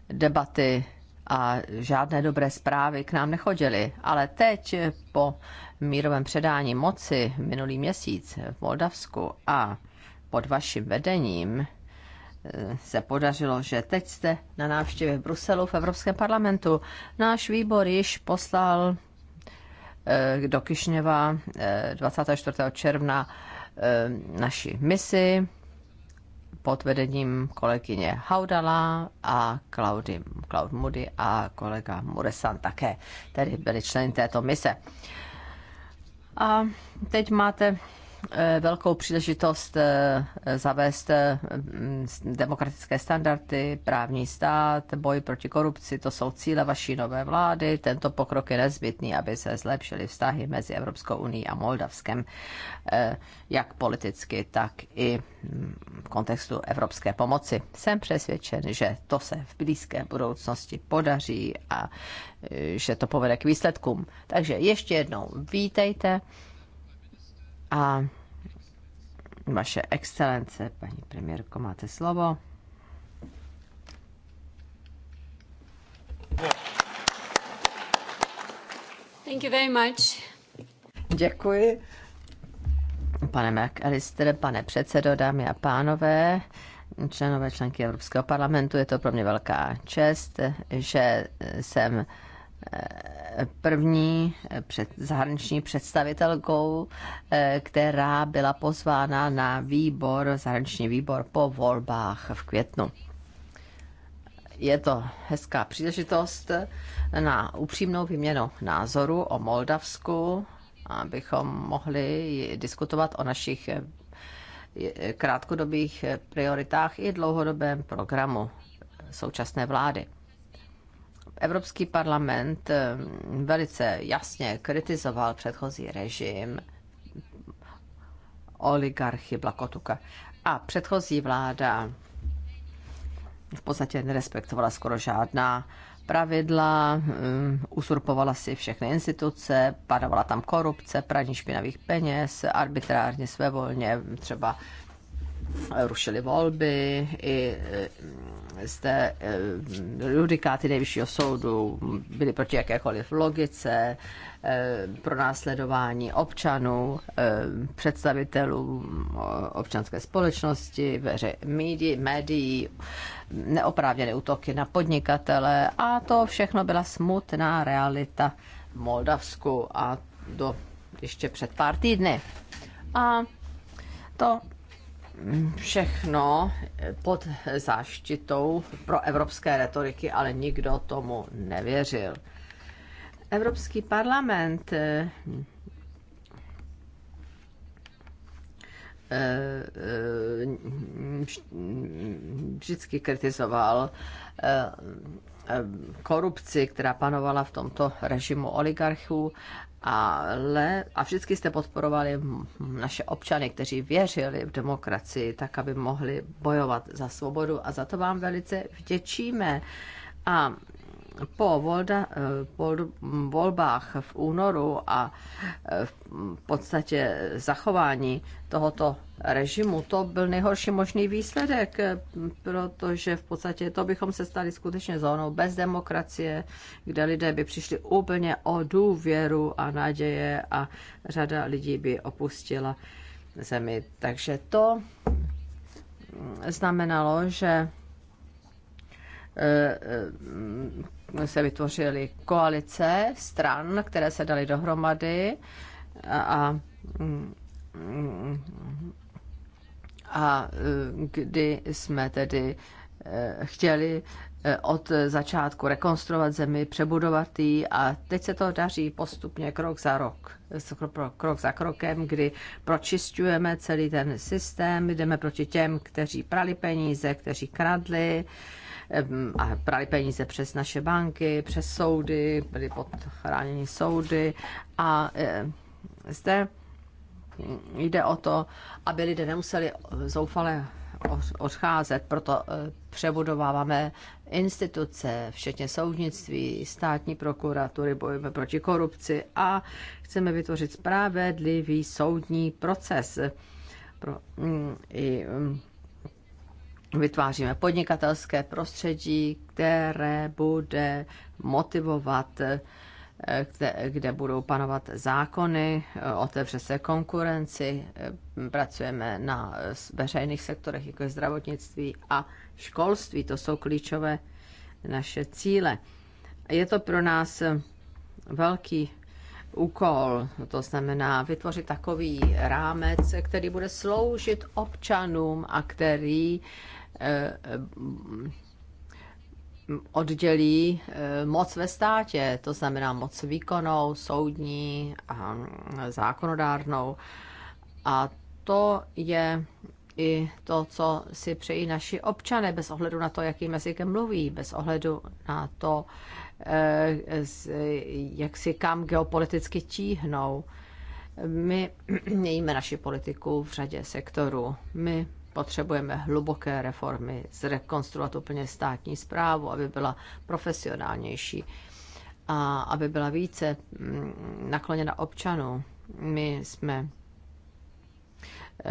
debaty a žádné dobré zprávy k nám nechodily. Ale teď po mírovém předání moci minulý měsíc v Moldavsku a pod vaším vedením eh, se podařilo, že teď jste na návštěvě v Bruselu v Evropském parlamentu. Náš výbor již poslal eh, do Kišněva 24. Eh, června Eh, naši misi pod vedením kolegyně Haudala a Claudy, Claude Moody a kolega Muresan také, tedy byli členy této mise. A teď máte Eh, velkou příležitost eh, zavést eh, demokratické standardy, právní stát, boj proti korupci. To jsou cíle vaší nové vlády. Tento pokrok je nezbytný, aby se zlepšily vztahy mezi Evropskou unii a Moldavskem, jak politicky, tak i mm, v kontextu evropské pomoci. Jsem přesvědčen, že to se v blízké budoucnosti podaří a že to povede k výsledkům. Takže ještě jednou vítejte. A vaše excelence, paní premiérko, máte slovo.
Thank you very much.
Děkuji. Pane McAllister, pane předsedo, dámy a pánové, členové členky Evropského parlamentu, je to pro mě velká čest, že jsem první eh, před, zahraniční představitelkou, eh, která byla pozvána na výbor, zahraniční výbor po volbách v květnu. Je to hezká příležitost na upřímnou výměnu názoru o Moldavsku, abychom mohli diskutovat o našich eh, krátkodobých prioritách i dlouhodobém programu současné vlády. Evropský parlament eh, velice jasně kritizoval předchozí režim oligarchy Blakotuka. A předchozí vláda v podstatě nerespektovala skoro žádná pravidla, eh, usurpovala si všechny instituce, padovala tam korupce, praní špinavých peněz, arbitrárně, svévolně, třeba rušili volby, i e, zde e, judikáty nejvyššího soudu byly proti jakékoliv logice, e, pro následování občanů, představitelů občanské společnosti, veře, médií, médií, neoprávněné útoky na podnikatele a to všechno byla smutná realita v Moldavsku a do ještě před pár týdny. A to všechno pod záštitou pro evropské retoriky, ale nikdo tomu nevěřil. Evropský parlament eh, eh, vždycky kritizoval eh, korupci, která panovala v tomto režimu oligarchů ale a vždycky jste podporovali naše občany, kteří věřili v demokracii, tak aby mohli bojovat za svobodu a za to vám velice vděčíme. A po, volda, eh, volbách v únoru a eh, v podstatě zachování tohoto režimu, to byl nejhorší možný výsledek, eh, protože v podstatě to bychom se stali skutečně zónou bez demokracie, kde lidé by přišli úplně o důvěru a naděje a řada lidí by opustila zemi. Takže to mm, znamenalo, že se vytvořily koalice stran, které se daly dohromady a, a kdy jsme tedy e, chtěli e, od začátku rekonstruovat zemi, přebudovat ji a teď se to daří postupně krok za rok, krok za krokem, kdy pročistujeme celý ten systém, jdeme proti těm, kteří prali peníze, kteří kradli, a prali peníze přes naše banky, přes soudy, byli pod chránění soudy a e, zde jde o to, aby lidé nemuseli zoufale odcházet, proto e, přebudováváme instituce, včetně soudnictví, státní prokuratury, bojujeme proti korupci a chceme vytvořit spravedlivý soudní proces. Pro, mm, i, mm, vytváříme podnikatelské prostředí, které bude motivovat, eh, kde, kde budou panovat zákony, eh, otevře se konkurenci, eh, pracujeme na veřejných sektorech, jako je zdravotnictví a školství. To jsou klíčové naše cíle. Je to pro nás velký úkol, to znamená vytvořit takový rámec, který bude sloužit občanům a který Eh, oddělí eh, moc ve státě, to znamená moc výkonnou, soudní a zákonodárnou. A to je i to, co si přejí naši občané, bez ohledu na to, jakým jazykem mluví, bez ohledu na to, eh, jak si kam geopoliticky tíhnou. My mějíme naši politiku v řadě sektorů. My potřebujeme hluboké reformy, zrekonstruovat úplně státní zprávu, aby byla profesionálnější a aby byla více mm, nakloněna občanů. My jsme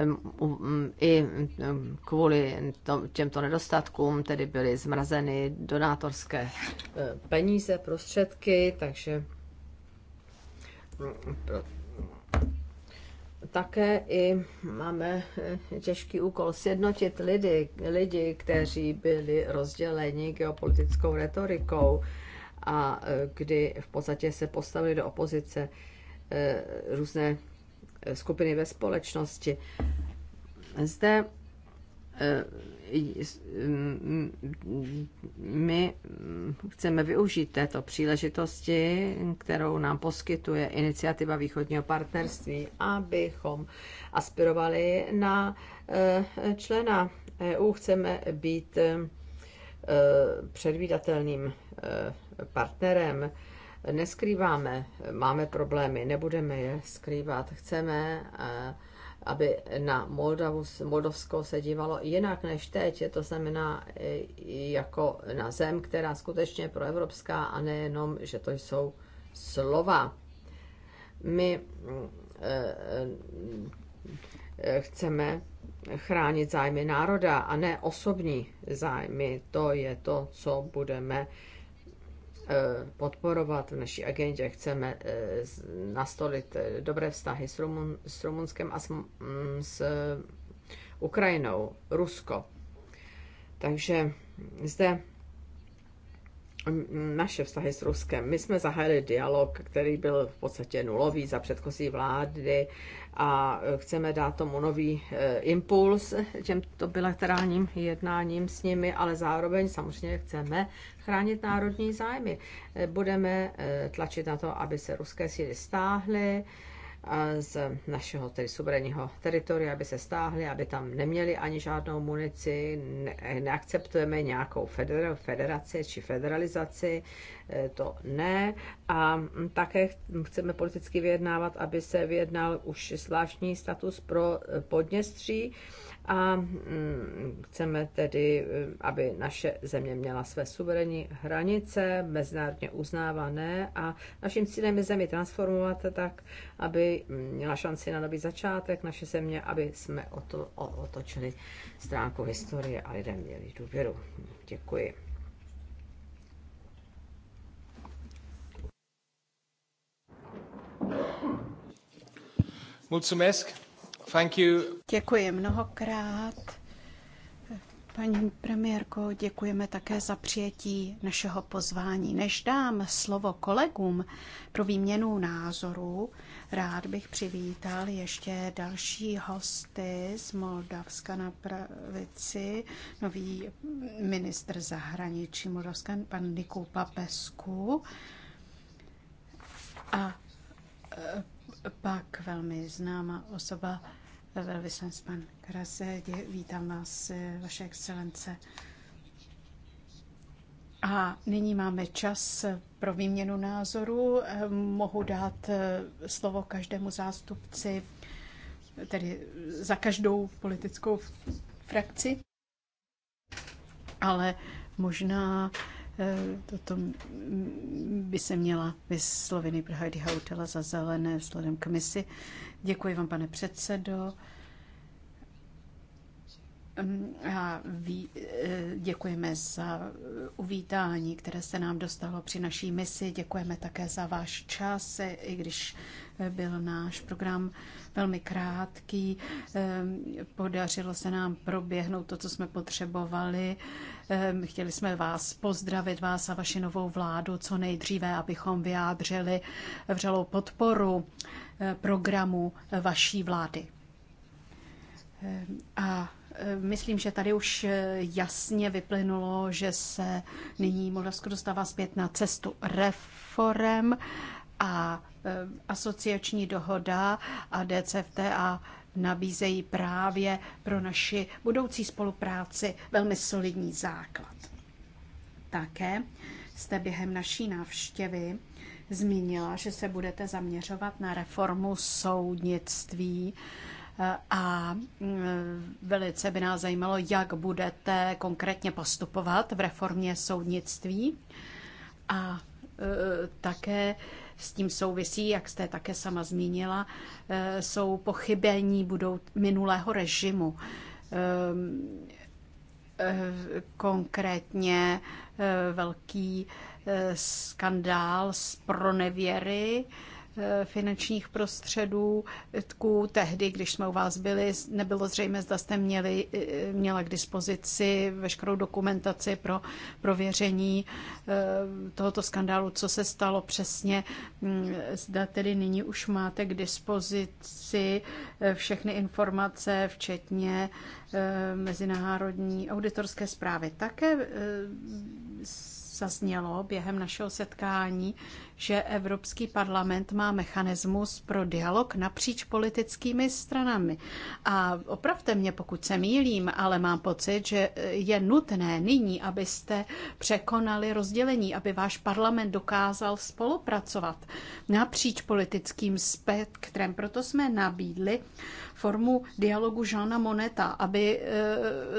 mm, i mm, kvůli těmto nedostatkům tedy byly zmrazeny donátorské e, peníze, prostředky, takže také i máme eh, těžký úkol sjednotit lidi, lidi kteří byli rozděleni geopolitickou retorikou a eh, kdy v podstatě se postavili do opozice eh, různé skupiny ve společnosti. Zde my chceme využít této příležitosti, kterou nám poskytuje iniciativa východního partnerství, abychom aspirovali na eh, člena EU. Chceme být eh, předvídatelným eh, partnerem. Neskrýváme, máme problémy, nebudeme je skrývat. Chceme aby na Moldavu, Moldovsko se dívalo jinak než teď. Je to znamená eh, jako na zem, která skutečně je proevropská a nejenom, že to jsou slova. My eh, eh, chceme chránit zájmy národa a ne osobní zájmy. To je to, co budeme Eh, podporovat v naší agendě. Chceme eh, nastolit eh, dobré vztahy s, Rumun, s Rumunskem a s, mm, s Ukrajinou, Rusko. Takže zde naše vztahy s Ruskem. My jsme zahájili dialog, který byl v podstatě nulový za předchozí vlády a chceme dát tomu nový eh, impuls těmto bilaterálním jednáním s nimi, ale zároveň samozřejmě chceme chránit národní zájmy. Eh, budeme eh, tlačit na to, aby se ruské síly stáhly, z našeho tedy suverénního teritoria, aby se stáhli, aby tam neměli ani žádnou munici, ne, neakceptujeme nějakou feder, federaci či federalizaci, e, to ne. A také chceme politicky vyjednávat, aby se vyjednal už zvláštní status pro e, Podněstří a mm, chceme tedy, eh, aby naše země měla své suverénní hranice, mezinárodně uznávané a naším cílem je zemi transformovat tak, aby měla šanci na nový začátek naše země, aby jsme o to, o, otočili stránku historie a lidé měli důvěru. Děkuji.
Mulțumesc! Děkuji
mnohokrát. Paní premiérko, děkujeme také za přijetí našeho pozvání. Než dám slovo kolegům pro výměnu názorů, rád bych přivítal ještě další hosty z Moldavska na pravici, nový ministr zahraničí Moldavska, pan Nikou Papesku A pak velmi známá osoba, velvyslanec pan Krase, vítám vás, eh, vaše excelence. A nyní máme čas pro výměnu názorů. Eh, mohu dát eh, slovo každému zástupci, tedy za každou politickou frakci, ale možná Eh, toto by se měla vyslovit pro Heidi Hautela za zelené vzhledem k misi. Děkuji vám, pane předsedo. A ví, eh, děkujeme za uvítání, které se nám dostalo při naší misi. Děkujeme také za váš čas, i když eh, byl náš program velmi krátký. Ehm, podařilo se nám proběhnout to, co jsme potřebovali. Ehm, chtěli jsme vás pozdravit, vás a vaši novou vládu, co nejdříve, abychom vyjádřili vřelou podporu eh, programu vaší vlády. Ehm, a Myslím, že tady už eh, jasně vyplynulo, že se nyní Moldavsko dostává zpět na cestu reform a e, asociační dohoda a DCFTA nabízejí právě pro naši budoucí spolupráci velmi solidní základ. Také jste během naší návštěvy zmínila, že se budete zaměřovat na reformu soudnictví e, a velice by nás zajímalo, jak budete konkrétně postupovat v reformě soudnictví. A Eh, také s tím souvisí, jak jste také sama zmínila, eh, jsou pochybení budou minulého režimu. Eh, konkrétně velký skandál z pronevěry, Eh, finančních prostředků. Tehdy, když jsme u vás byli, nebylo zřejmé, zda jste měli, eh, měla k dispozici veškerou dokumentaci pro prověření eh, tohoto skandálu, co se stalo přesně. Mm, zda tedy nyní už máte k dispozici všechny informace, včetně mezinárodní auditorské zprávy. Také zaznělo během našeho setkání, že Evropský parlament má mechanismus pro dialog napříč politickými stranami. A opravte mě, pokud se mýlím, ale mám pocit, že je nutné nyní, abyste překonali rozdělení, aby váš parlament dokázal spolupracovat napříč politickým spektrem. Proto jsme nabídli formu dialogu Žána Moneta, aby eh,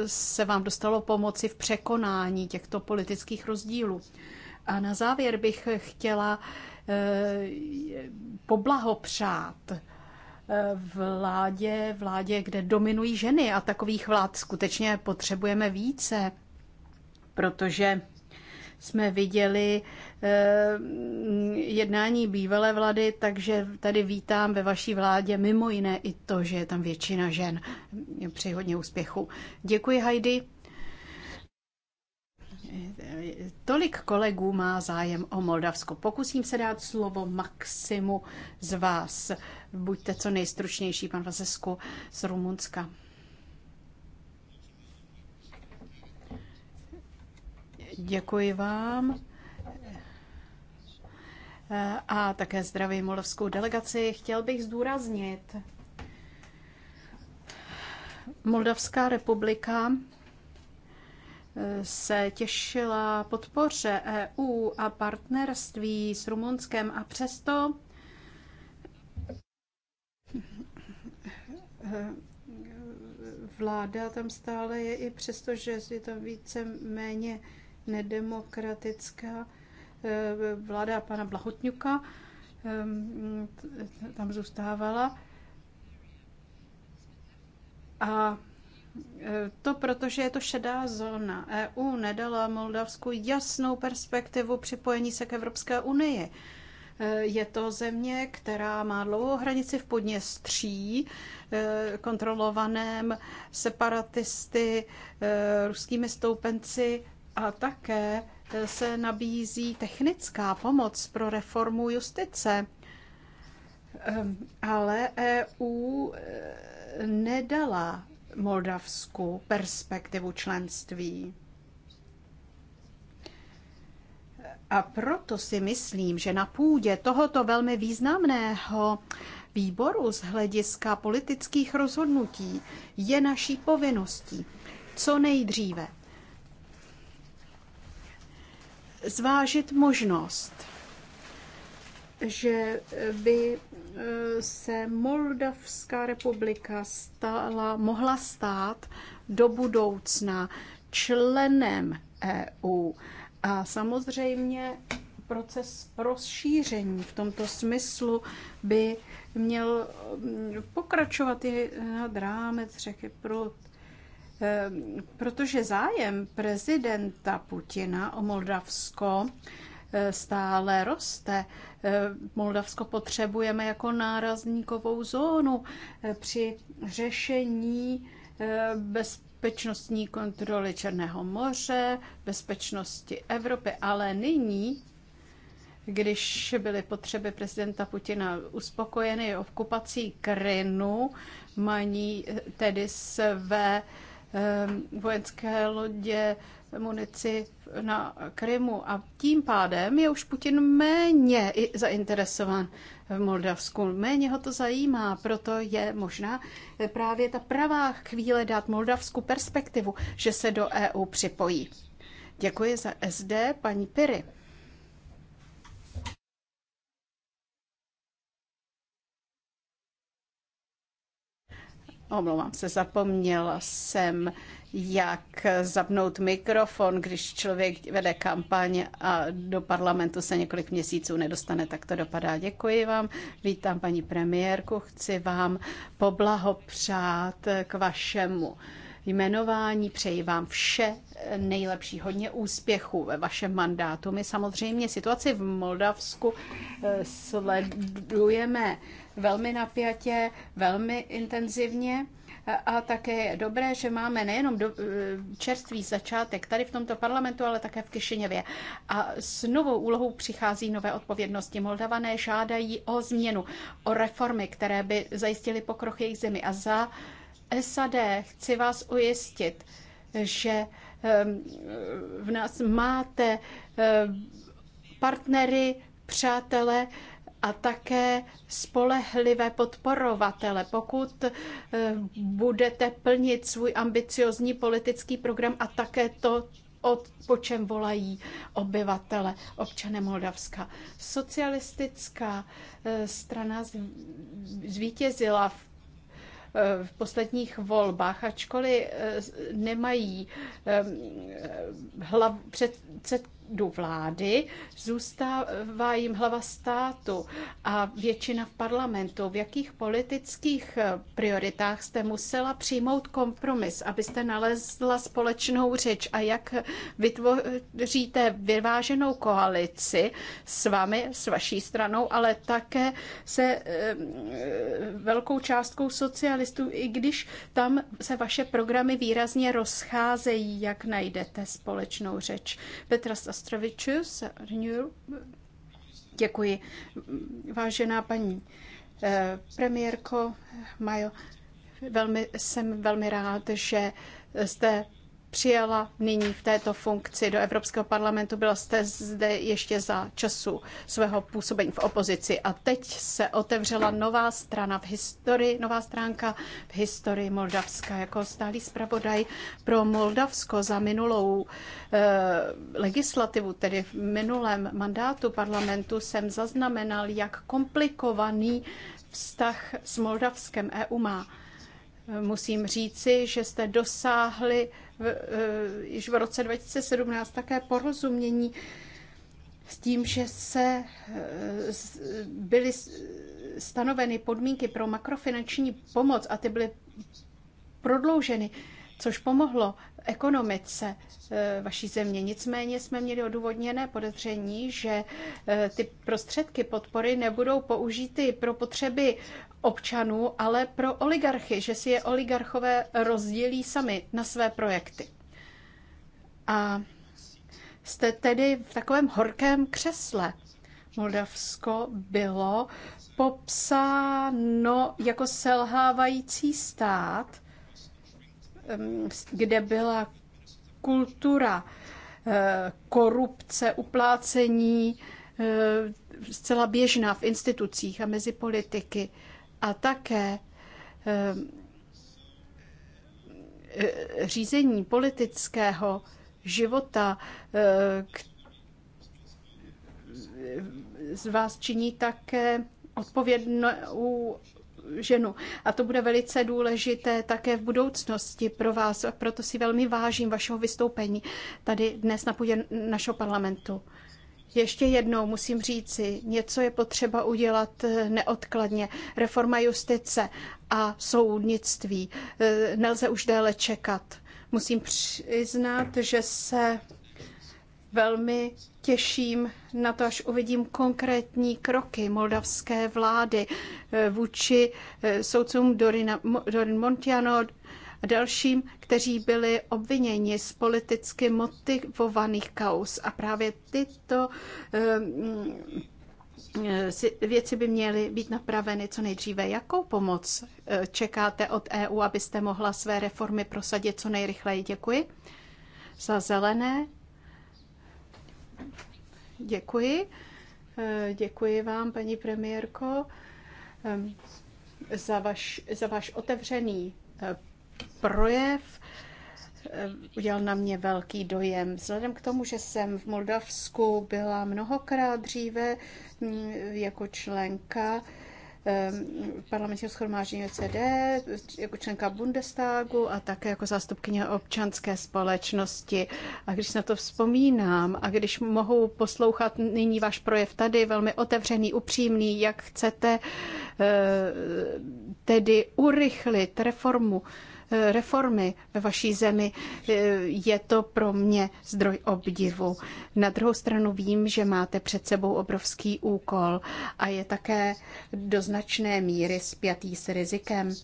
se vám dostalo pomoci v překonání těchto politických rozdílů. A na závěr bych chtěla eh, poblahopřát eh, vládě, vládě, kde dominují ženy a takových vlád skutečně potřebujeme více, protože jsme viděli eh, jednání bývalé vlády, takže tady vítám ve vaší vládě mimo jiné i to, že je tam většina žen. Přeji hodně úspěchu. Děkuji, Heidi. Tolik kolegů má zájem o Moldavsko. Pokusím se dát slovo maximu z vás. Buďte co nejstručnější, pan Vazesku z Rumunska. Děkuji vám. A také zdravím molovskou delegaci. Chtěl bych zdůraznit, Moldavská republika eh, se těšila podpoře EU a partnerství s Rumunskem a přesto eh, vláda tam stále je i přesto, že je tam více méně nedemokratická eh, vláda pana Blahotňuka ehm, tam zůstávala. A eh, to protože je to šedá zóna. EU nedala Moldavsku jasnou perspektivu připojení se k Evropské unii. Eh, je to země, která má dlouhou hranici v Podněstří, kontrolovaném separatisty, ruskými stoupenci a také eh, se nabízí technická pomoc pro reformu justice. Ehm, ale EU eh, nedala Moldavsku perspektivu členství. A proto si myslím, že na půdě tohoto velmi významného výboru z hlediska politických rozhodnutí je naší povinností co nejdříve zvážit možnost, že by e, se Moldavská republika stala, mohla stát do budoucna členem EU. A samozřejmě proces rozšíření v tomto smyslu by měl pokračovat i nad rámec řeky Prut. Ehm, protože zájem prezidenta Putina o Moldavsko eh, stále roste. Ehm, Moldavsko potřebujeme jako nárazníkovou zónu eh, při řešení eh, bezpečnostní kontroly Černého moře, bezpečnosti Evropy, ale nyní když byly potřeby prezidenta Putina uspokojeny okupací Krynu, mají tedy své Ehm, vojenské lodě, munici na Krymu a tím pádem je už Putin méně zainteresován v Moldavsku. Méně ho to zajímá, proto je možná právě ta pravá chvíle dát Moldavsku perspektivu, že se do EU připojí. Děkuji za SD, paní Piry. Omlouvám se, zapomněla jsem, jak zapnout mikrofon, když člověk vede kampaň a do parlamentu se několik měsíců nedostane, tak to dopadá. Děkuji vám, vítám paní premiérku, chci vám poblahopřát k vašemu jmenování. Přeji vám vše nejlepší, hodně úspěchů ve vašem mandátu. My samozřejmě situaci v Moldavsku eh, sledujeme velmi napjatě, velmi intenzivně. A také je dobré, že máme nejenom do, eh, čerstvý začátek tady v tomto parlamentu, ale také v Kišiněvě. A s novou úlohou přichází nové odpovědnosti. Moldavané žádají o změnu, o reformy, které by zajistily pokroch jejich zemi. A za uh, SAD chci vás ujistit, že ehm, v nás máte ehm, partnery, přátele a také spolehlivé podporovatele. Pokud ehm, budete plnit svůj ambiciozní politický program a také to, od, po čem volají obyvatele, občané Moldavska. Socialistická strana zvítězila v Eh, v posledních volbách, ačkoliv eh, nemají eh, hlav, před, před do vlády, zůstává jim hlava státu a většina v parlamentu. V jakých politických eh, prioritách jste musela přijmout kompromis, abyste nalezla společnou řeč a jak vytvoříte vyváženou koalici s vámi, s vaší stranou, ale také se eh, velkou částkou socialistů, i když tam se vaše programy výrazně rozcházejí, jak najdete společnou řeč. Petra Ostrovičus, Děkuji. Vážená paní eh, premiérko Majo, velmi, jsem velmi rád, že jste přijela nyní v této funkci do Evropského parlamentu. Byla jste zde ještě za času svého působení v opozici a teď se otevřela nová strana v historii, nová stránka v historii Moldavska. Jako stálý zpravodaj pro Moldavsko za minulou eh, legislativu, tedy v minulém mandátu parlamentu, jsem zaznamenal, jak komplikovaný vztah s Moldavskem EU má. Musím říci, že jste dosáhli v, eh, již v roce 2017 také porozumění s tím, že se eh, byly stanoveny podmínky pro makrofinanční pomoc a ty byly prodlouženy což pomohlo ekonomice eh, vaší země. Nicméně jsme měli odůvodněné podezření, že eh, ty prostředky podpory nebudou použity pro potřeby občanů, ale pro oligarchy, že si je oligarchové rozdělí sami na své projekty. A jste tedy v takovém horkém křesle. Moldavsko bylo popsáno jako selhávající stát – Ehm, kde byla kultura eh, korupce, uplácení eh, zcela běžná v institucích a mezi politiky a také ehm, eh, řízení politického života, z vás činí také odpovědnou ženu. A to bude velice důležité také v budoucnosti pro vás. A proto si velmi vážím vašeho vystoupení tady dnes na půdě našeho parlamentu. Ještě jednou musím říci, něco je potřeba udělat eh, neodkladně. Reforma justice a soudnictví. Eh, nelze už déle čekat. Musím přiznat, že se velmi těším na to, až uvidím konkrétní kroky moldavské vlády eh, vůči eh, soudcům Dorina, Dorin Montiano a dalším, kteří byli obviněni z politicky motivovaných kaus. A právě tyto eh, mm, věci by měly být napraveny co nejdříve. Jakou pomoc čekáte od EU, abyste mohla své reformy prosadit co nejrychleji? Děkuji. Za zelené Děkuji. Eh, děkuji vám, paní premiérko, eh, za, vaš, za váš otevřený eh, projev. Udělal na mě velký dojem. Vzhledem k tomu, že jsem v Moldavsku byla mnohokrát dříve mm, jako členka parlamentního schromáždění OCD, jako členka Bundestagu a také jako zástupkyně občanské společnosti. A když na to vzpomínám a když mohu poslouchat nyní váš projev tady, velmi otevřený, upřímný, jak chcete eh, tedy urychlit reformu reformy ve vaší zemi, eh, je to pro mě zdroj obdivu. Na druhou stranu vím, že máte před sebou obrovský úkol a je také do značné míry spjatý s rizikem.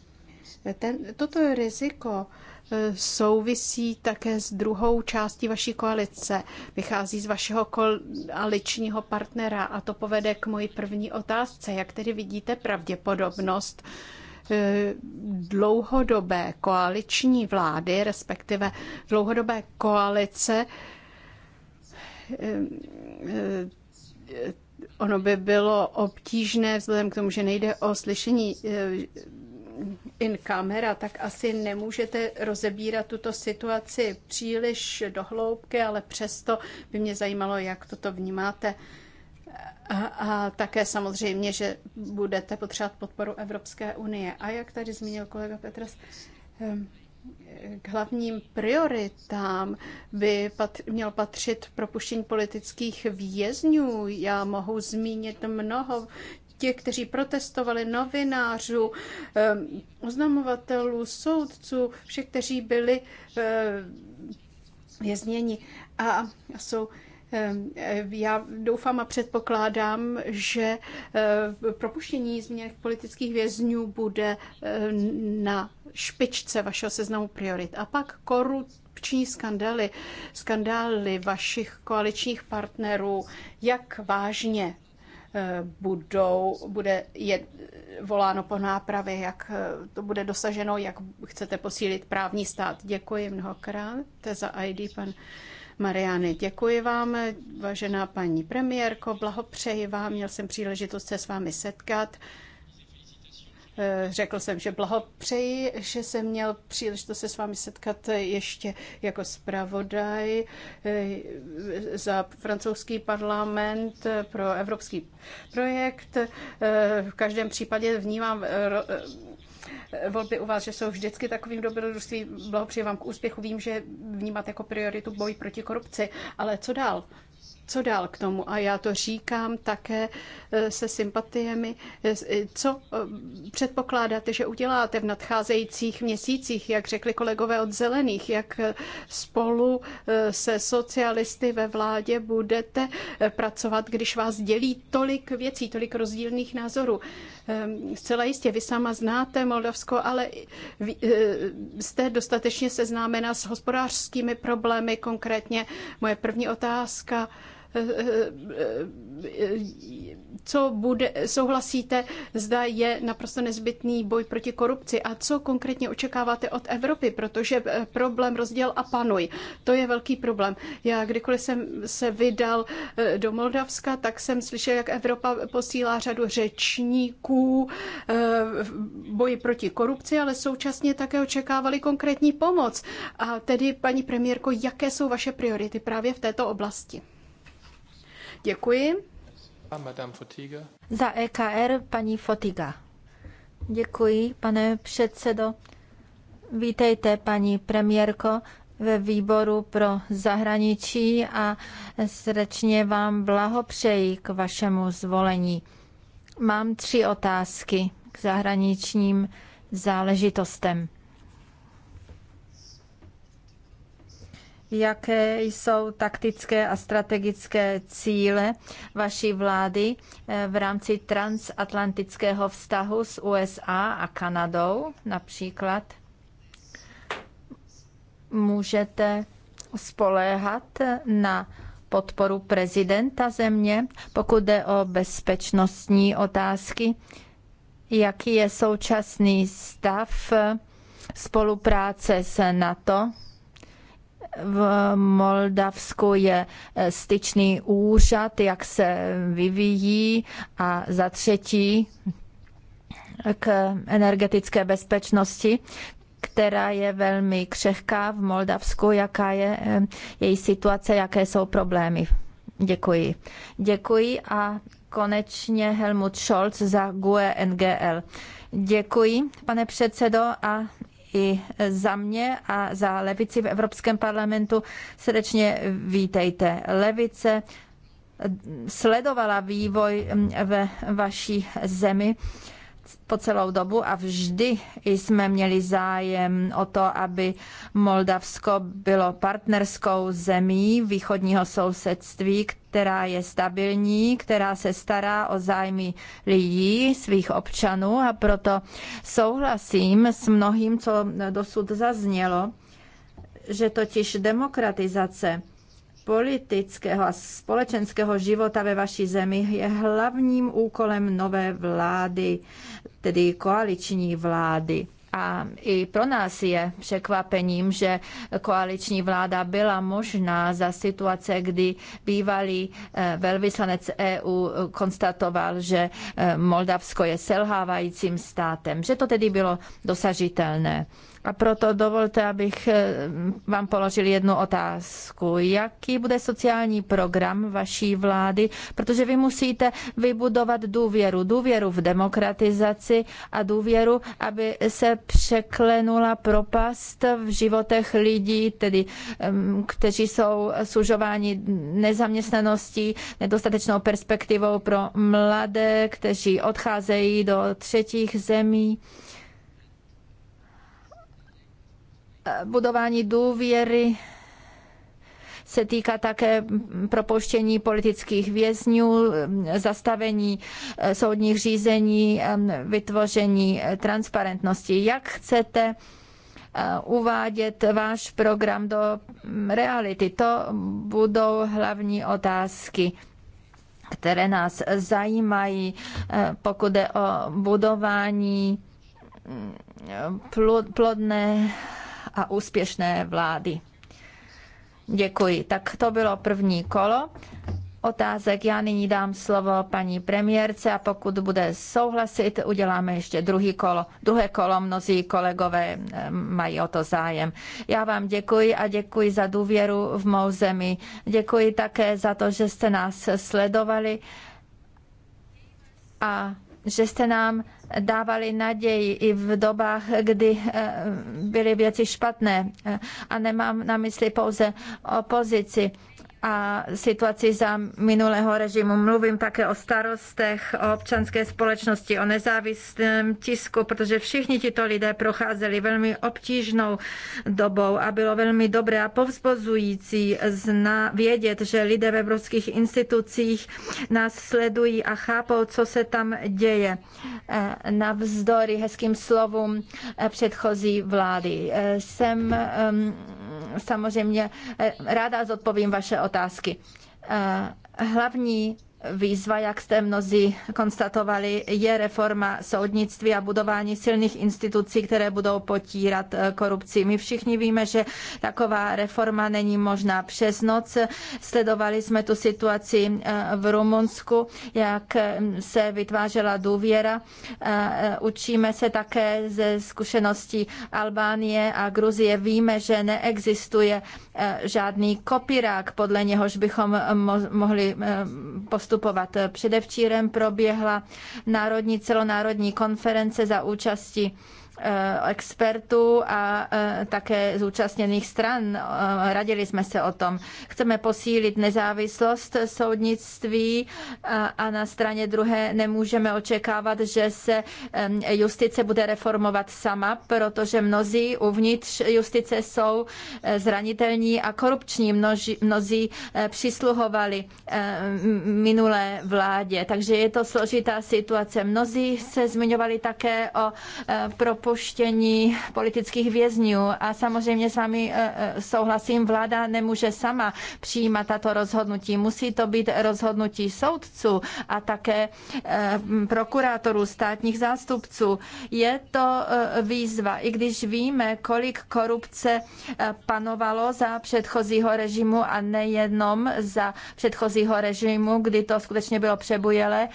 Ten, toto riziko eh, souvisí také s druhou částí vaší koalice. Vychází z vašeho koaličního partnera a to povede k moji první otázce. Jak tedy vidíte pravděpodobnost, Eh, dlouhodobé koaliční vlády, respektive dlouhodobé koalice, eh, eh, ono by bylo obtížné, vzhledem k tomu, že nejde o slyšení in camera, tak asi nemůžete rozebírat tuto situaci příliš dohloubky, ale přesto by mě zajímalo, jak toto vnímáte. A, a také samozřejmě, že budete potřebovat podporu Evropské unie. A jak tady zmínil kolega Petras, ehm, k hlavním prioritám by pat, měl patřit propuštění politických vězňů. Já mohu zmínit mnoho těch, kteří protestovali, novinářů, ehm, oznamovatelů, soudců, všech, kteří byli ehm, vězněni a jsou Eh, já doufám a předpokládám, že eh, propuštění změněných politických vězňů bude eh, na špičce vašeho seznamu priorit. A pak korupční skandály, skandály vašich koaličních partnerů, jak vážně budou, bude je voláno po nápravě, jak to bude dosaženo, jak chcete posílit právní stát. Děkuji mnohokrát. To je za ID, pan Mariány, Děkuji vám, vážená paní premiérko, blahopřeji vám, měl jsem příležitost se s vámi setkat. Řekl jsem, že blahopřeji, že jsem měl příležitost se s vámi setkat ještě jako zpravodaj za francouzský parlament pro evropský projekt. V každém případě vnímám volby u vás, že jsou vždycky takovým dobrodružstvím. Blahopřeji vám k úspěchu. Vím, že vnímat jako prioritu boj proti korupci, ale co dál? co dál k tomu? A já to říkám také eh, se sympatiemi. Eh, eh, co předpokládáte, že uděláte v nadcházejících měsících, jak řekli kolegové od Zelených, jak spolu se socialisty ve vládě budete pracovat, když vás dělí tolik věcí, tolik rozdílných názorů? Ehm, zcela jistě, vy sama znáte Moldavsko, ale eh, eh, jste dostatečně seznámena s hospodářskými problémy, konkrétně moje první otázka co bude, souhlasíte, zda je naprosto nezbytný boj proti korupci a co konkrétně očekáváte od Evropy, protože eh, problém rozděl a panuj, to je velký problém. Já kdykoliv jsem se vydal eh, do Moldavska, tak jsem slyšel, jak Evropa posílá řadu řečníků eh, v boji proti korupci, ale současně také očekávali konkrétní pomoc. A tedy, paní premiérko, jaké jsou vaše priority právě v této oblasti?
Děkuji.
Ah, Madame Fotiga.
Za EKR paní Fotiga. Děkuji, pane předsedo. Vítejte, paní premiérko, ve výboru pro zahraničí a srdečně vám blahopřeji k vašemu zvolení. Mám tři otázky k zahraničním záležitostem. jaké jsou taktické a strategické cíle vaší vlády eh, v rámci transatlantického vztahu s USA a Kanadou například. Můžete spoléhat na podporu prezidenta země, pokud jde o bezpečnostní otázky. Jaký je současný stav spolupráce s NATO? v Moldavsku je eh, styčný úřad, jak se vyvíjí a za třetí k energetické bezpečnosti, která je velmi křehká v Moldavsku, jaká je eh, její situace, jaké jsou problémy. Děkuji. Děkuji a konečně Helmut Scholz za GUE NGL. Děkuji, pane předsedo, a i za mě a za levici v Evropském parlamentu. Srdečně vítejte. Levice sledovala vývoj ve vaší zemi po celou dobu a vždy jsme měli zájem o to, aby Moldavsko bylo partnerskou zemí východního sousedství, která je stabilní, která se stará o zájmy lidí, svých občanů a proto souhlasím s mnohým, co dosud zaznělo, že totiž demokratizace politického a společenského života ve vaší zemi je hlavním úkolem nové vlády, tedy koaliční vlády. A i pro nás je překvapením, že koaliční vláda byla možná za situace, kdy bývalý eh, velvyslanec EU konstatoval, že eh, Moldavsko je selhávajícím státem, že to tedy bylo dosažitelné. A proto dovolte, abych eh, vám položil jednu otázku. Jaký bude sociální program vaší vlády? Protože vy musíte vybudovat důvěru. Důvěru v demokratizaci a důvěru, aby se překlenula propast v životech lidí, tedy kteří jsou sužováni nezaměstnaností, nedostatečnou perspektivou pro mladé, kteří odcházejí do třetích zemí. Eh, budování důvěry se týká také propouštění politických vězňů, eh, zastavení eh, soudních řízení, vytvoření transparentnosti. Jak chcete uvádět váš program do mm, reality? To budou hlavní otázky které nás zajímají, pokud jde o budování mm, plodné a úspěšné vlády. Děkuji. Tak to bylo první kolo otázek. Já nyní dám slovo paní premiérce a pokud bude souhlasit, uděláme ještě druhý kolo. Druhé kolo mnozí kolegové mají o to zájem. Já vám děkuji a děkuji za důvěru v mou zemi. Děkuji také za to, že jste nás sledovali a že jste nám dávali naději i v dobách, kdy eh, byly věci špatné. Eh, a nemám na mysli pouze opozici a situaci za minulého režimu. Mluvím také o starostech, o občanské společnosti, o nezávislém tisku, protože všichni tito lidé procházeli velmi obtížnou dobou a bylo velmi dobré a povzbuzující zna, vědět, že lidé ve evropských institucích nás sledují a chápou, co se tam děje. E, navzdory hezkým slovům e, předchozí vlády. E, jsem samozřejmě ráda zodpovím vaše otázky otázky. Eh, hlavní výzva, jak jste mnozí konstatovali, je reforma soudnictví a budování silných institucí, které budou potírat eh, korupci. My všichni víme, že taková reforma není možná přes noc. Sledovali jsme tu situaci eh, v Rumunsku, jak se vytvářela důvěra. Učíme se také ze zkušeností Albánie a Gruzie. Víme, že neexistuje Eh, žádný kopírák, podle něhož bychom mohli eh, postupovat. Předevčírem proběhla národní, celonárodní konference za účasti Eh, expertů a eh, také zúčastněných stran. Eh, radili jsme se o tom. Chceme posílit nezávislost soudnictví a na straně druhé nemůžeme očekávat, že se justice bude reformovat sama, protože mnozí uvnitř justice jsou zranitelní a korupční. Množí, mnozí přisluhovali minulé vládě, takže je to složitá situace. Mnozí se zmiňovali také o propo propuštění politických vězňů. A samozřejmě s vámi eh, eh, souhlasím, vláda nemůže sama přijímat tato rozhodnutí. Musí to být rozhodnutí soudců a také eh, prokurátorů, státních zástupců. Je to výzva, i když víme, kolik korupce panovalo za předchozího režimu a nejenom za předchozího režimu, kdy to skutečně bylo přebujele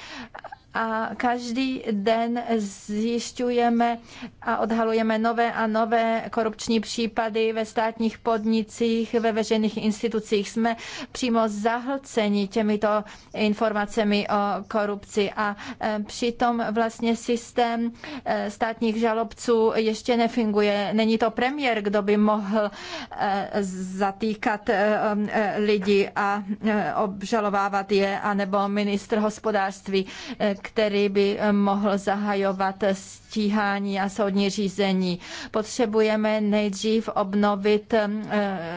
a každý den zjišťujeme a odhalujeme nové a nové korupční případy ve státních podnicích, ve veřejných institucích. Jsme přímo zahlceni těmito informacemi o korupci a e, přitom vlastně systém e, státních žalobců ještě nefunguje. Není to premiér, kdo by mohl e, zatýkat lidi a obžalovávat je, anebo ministr hospodářství, který by eh, mohl zahajovat stíhání a soudní řízení. Potřebujeme nejdřív obnovit eh,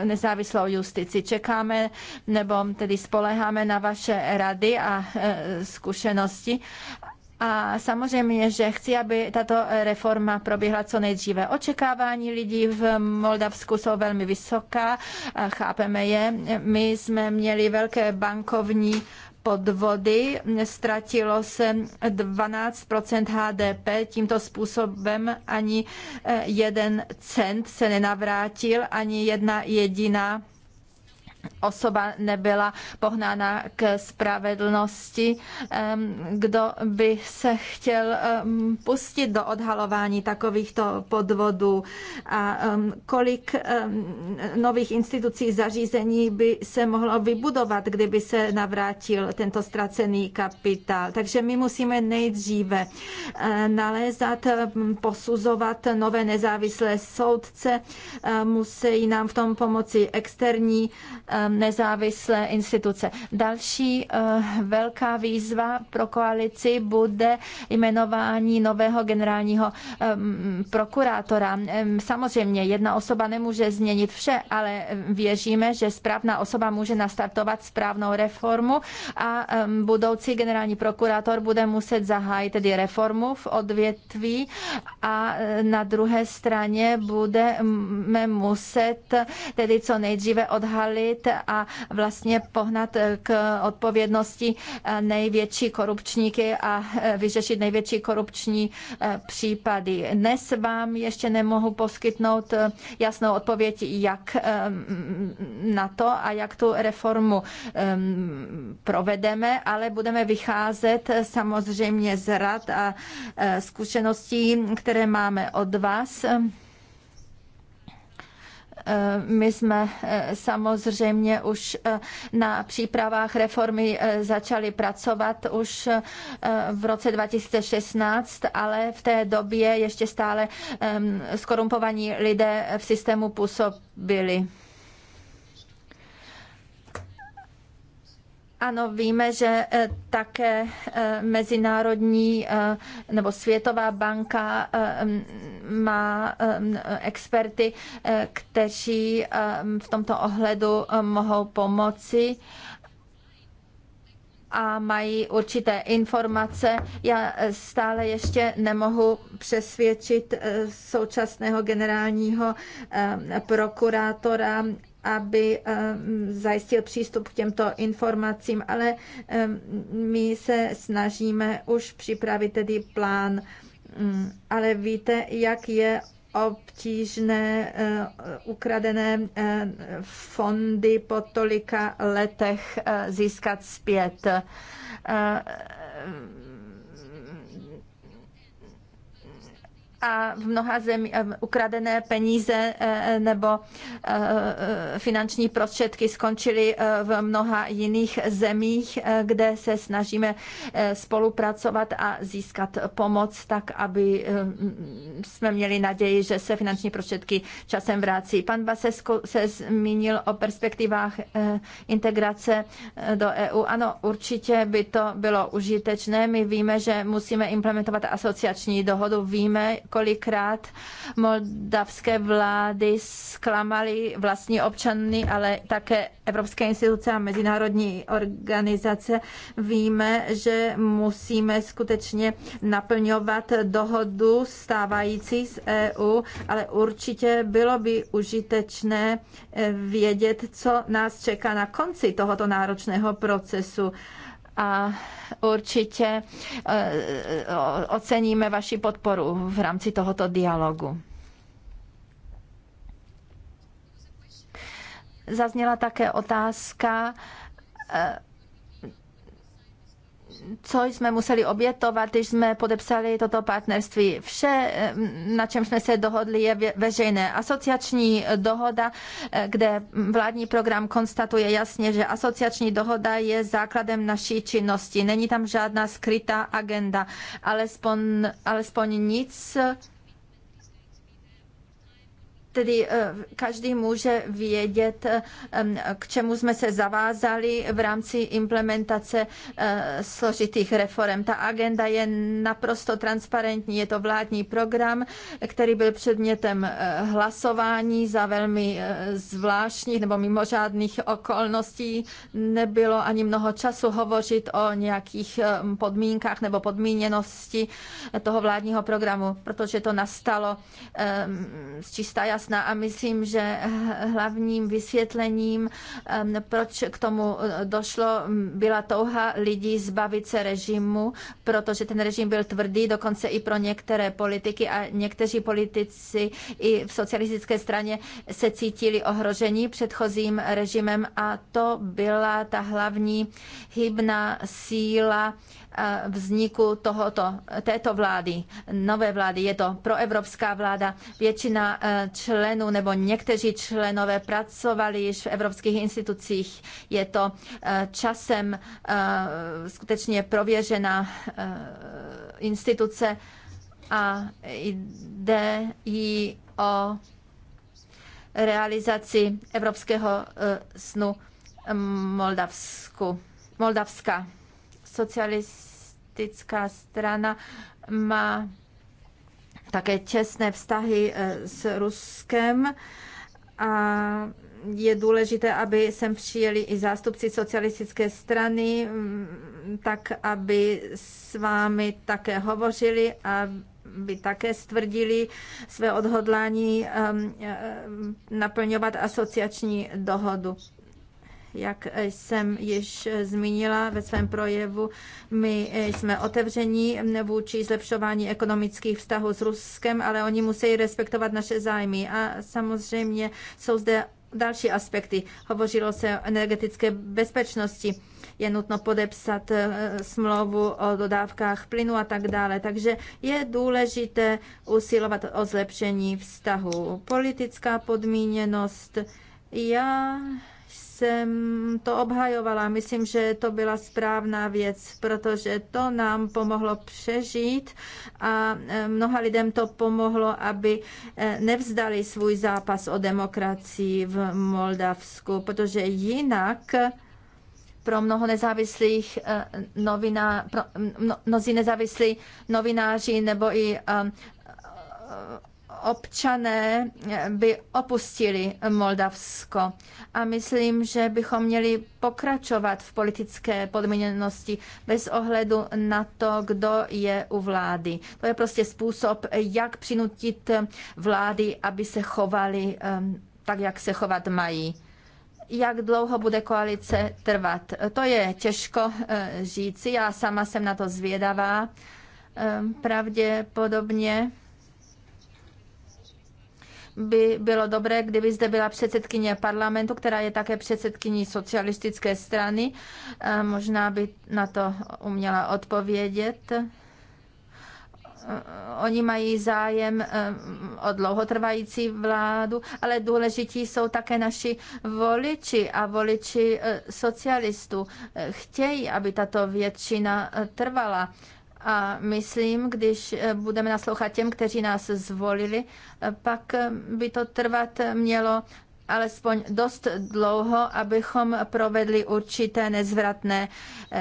nezávislou justici. Čekáme nebo tedy spoleháme na vaše rady a eh, zkušenosti. A samozřejmě, že chci, aby tato reforma proběhla co nejdříve. Očekávání lidí v Moldavsku jsou velmi vysoká, chápeme je. My jsme měli velké bankovní podvody, ztratilo se 12 HDP, tímto způsobem ani eh, jeden cent se nenavrátil, ani jedna jediná osoba nebyla pohnána k spravedlnosti. Kdo by se chtěl pustit do odhalování takovýchto podvodů a kolik nových institucí zařízení by se mohlo vybudovat, kdyby se navrátil tento ztracený kapitál. Takže my musíme nejdříve e, nalézat, posuzovat nové nezávislé soudce, e, musí nám v tom pomoci externí Um, nezávislé instituce. Další uh, velká výzva pro koalici bude jmenování nového generálního um, prokurátora. Um, samozřejmě jedna osoba nemůže změnit vše, ale věříme, že správná osoba může nastartovat správnou reformu a budoucí generální prokurátor bude muset zahájit tedy reformu v odvětví a uh, na druhé straně budeme muset tedy co nejdříve odhalit zastavit a vlastně pohnat k odpovědnosti největší korupčníky a vyřešit největší korupční eh, případy. Dnes vám ještě nemohu poskytnout eh, jasnou odpověď, jak eh, na to a jak tu reformu provedeme, ale budeme vycházet samozřejmě z rad a zkušeností, které máme od vás. Eh, my jsme eh, samozřejmě už eh, na přípravách reformy začali pracovat už v roce 2016, ale v té době ještě stále skorumpovaní lidé v systému působili. Ano, víme, že e, také e, Mezinárodní e, nebo Světová banka má experty, kteří v tomto ohledu mohou pomoci a mají určité informace. Já stále ještě nemohu přesvědčit současného generálního prokurátora aby eh, zajistil přístup k těmto informacím, ale eh, my se snažíme už připravit tedy plán. Mm, ale víte, jak je obtížné eh, ukradené fondy po tolika letech získat zpět a v mnoha zemí eh, ukradené peníze eh, eh, nebo finanční prostředky skončily v mnoha jiných zemích, kde se snažíme spolupracovat a získat pomoc tak, aby jsme měli naději, že se finanční prostředky časem vrací. Pan Basesko se zmínil o perspektivách integrace do EU. Ano, určitě by to bylo užitečné. My víme, že musíme implementovat asociační dohodu. Víme, kolikrát moldavské vlády zklamaly vlastní občany, ale také evropské instituce a mezinárodní organizace. Víme, že musíme skutečně naplňovat dohodu stávající z EU, ale určitě bylo by užitečné eh, vědět, co nás čeká na konci tohoto náročného procesu a určitě eh, eh, oceníme vaši podporu v rámci tohoto dialogu. Zazněla také otázka, eh, co jsme museli obětovat, když jsme podepsali toto partnerství. Vše, eh, na čem jsme se dohodli, je veřejné. Asociační dohoda, eh, kde vládní program konstatuje jasně, že asociační dohoda je základem naší činnosti. Není tam žádná skrytá agenda, alespoň, alespoň nic Tedy eh, každý může vědět, eh, k čemu jsme se zavázali v rámci implementace eh, složitých reform. Ta agenda je naprosto transparentní, je to vládní program, který byl předmětem hlasování za velmi zvláštních nebo mimořádných okolností. Nebylo ani mnoho času hovořit o nějakých podmínkách nebo podmíněnosti toho vládního programu, protože to nastalo z čistá jasná jasná a myslím, že hlavním vysvětlením, proč k tomu e, došlo, byla touha lidí zbavit se režimu, protože ten režim byl tvrdý, dokonce i pro některé politiky a někteří politici i v socialistické straně se cítili ohroženi předchozím režimem a to byla ta hlavní hybná síla vzniku tohoto, této vlády, nové vlády. Je to proevropská vláda. Většina e, členů nebo někteří členové pracovali již v evropských institucích. Je to e, časem e, skutečně prověřená instituce a jde jí o realizaci evropského snu Moldavsku, Moldavska socialistická strana má také těsné vztahy eh, s Ruskem a je důležité, aby sem přijeli i zástupci socialistické strany, mm, tak aby s vámi také hovořili a by také stvrdili své odhodlání ehm, ehm, naplňovat asociační dohodu. Jak jsem již zmínila ve svém projevu, my jsme otevření vůči zlepšování ekonomických vztahů s Ruskem, ale oni musí respektovat naše zájmy. A samozřejmě jsou zde další aspekty. Hovořilo se o energetické bezpečnosti je nutno podepsat eh, smlouvu o dodávkách plynu a tak dále. Takže je důležité usilovat o zlepšení vztahu. Politická podmíněnost. Já jsem to obhajovala. Myslím, že to byla správná věc, protože to nám pomohlo přežít a e, mnoha lidem to pomohlo, aby e, nevzdali svůj zápas o demokracii v Moldavsku, protože jinak pro mnoho nezávislých e, novinářů pro, mnozí nezávislí novináři nebo i občané eh, by opustili Moldavsko. A myslím, že bychom měli pokračovat v politické podmíněnosti bez ohledu na to, kdo je u vlády. To je prostě způsob, jak přinutit vlády, aby se chovali ehm, tak, jak se chovat mají jak dlouho bude koalice trvat. To je těžko eh, říci, já sama jsem na to zvědavá. Ehm, pravděpodobně by bylo dobré, kdyby zde byla předsedkyně parlamentu, která je také předsedkyní socialistické strany. Možná by na to uměla odpovědět oni mají zájem eh, o dlouhotrvající vládu, ale důležití jsou také naši voliči a voliči eh, socialistů. Eh, chtějí, aby tato většina trvala. A myslím, když eh, budeme naslouchat těm, kteří nás zvolili, eh, pak eh, by to trvat mělo alespoň dost dlouho, abychom provedli určité nezvratné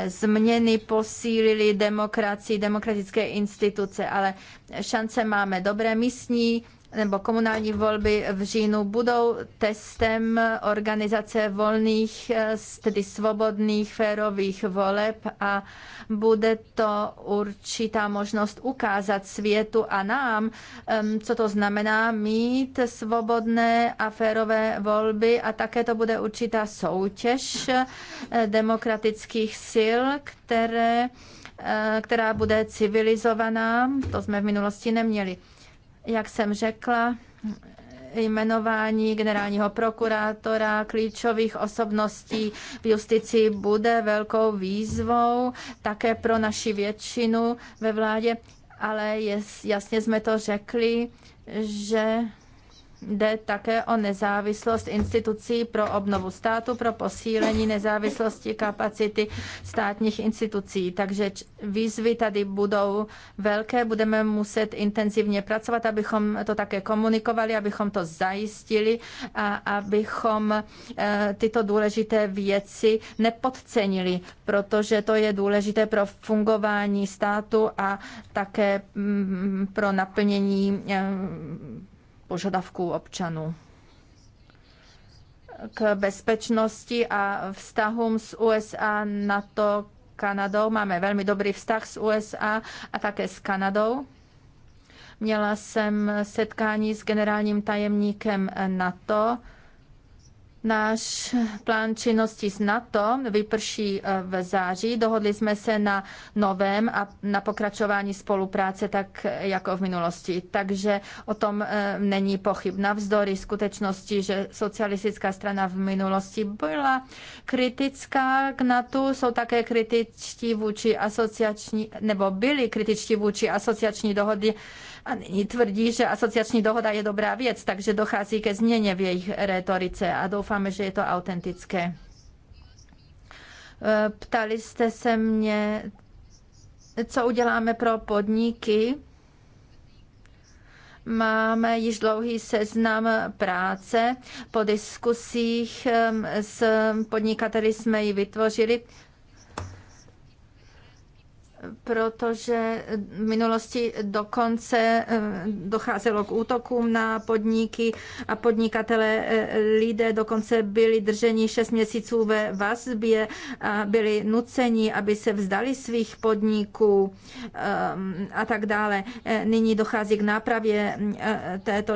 změny, posílili demokracii, demokratické instituce, ale šance máme dobré. místní, nebo komunální volby v říjnu budou testem organizace volných, tedy svobodných, férových voleb a bude to určitá možnost ukázat světu a nám, co to znamená mít svobodné a férové volby a také to bude určitá soutěž eh, demokratických sil, které, eh, která bude civilizovaná, to jsme v minulosti neměli. Jak jsem řekla, jmenování generálního prokurátora, klíčových osobností v justici bude velkou výzvou také pro naši většinu ve vládě, ale jasně jsme to řekli, že Jde také o nezávislost institucí pro obnovu státu, pro posílení nezávislosti kapacity státních institucí. Takže výzvy tady budou velké, budeme muset intenzivně pracovat, abychom to také komunikovali, abychom to zajistili a abychom eh, tyto důležité věci nepodcenili, protože to je důležité pro fungování státu a také mm, pro naplnění eh, požadavků občanů k bezpečnosti a vztahům s USA, NATO, Kanadou. Máme velmi dobrý vztah s USA a také s Kanadou. Měla jsem setkání s generálním tajemníkem NATO Náš plán činnosti s NATO vyprší eh, v září. Dohodli jsme se na novém a na pokračování spolupráce tak eh, jako v minulosti. Takže o tom eh, není pochyb. Navzdory skutečnosti, že socialistická strana v minulosti byla kritická k NATO, jsou také kritičtí vůči asociační, nebo byli kritičtí vůči asociační dohody a nyní tvrdí, že asociační dohoda je dobrá věc, takže dochází ke změně v jejich retorice a doufáme, že je to autentické. E, ptali jste se mě, co uděláme pro podniky. Máme již dlouhý seznam práce. Po diskusích s podnikateli jsme ji vytvořili protože v minulosti dokonce eh, docházelo k útokům na podniky a podnikatele eh, lidé dokonce byli drženi 6 měsíců ve vazbě a byli nuceni, aby se vzdali svých podniků ehm, a tak dále. Eh, nyní dochází k nápravě této,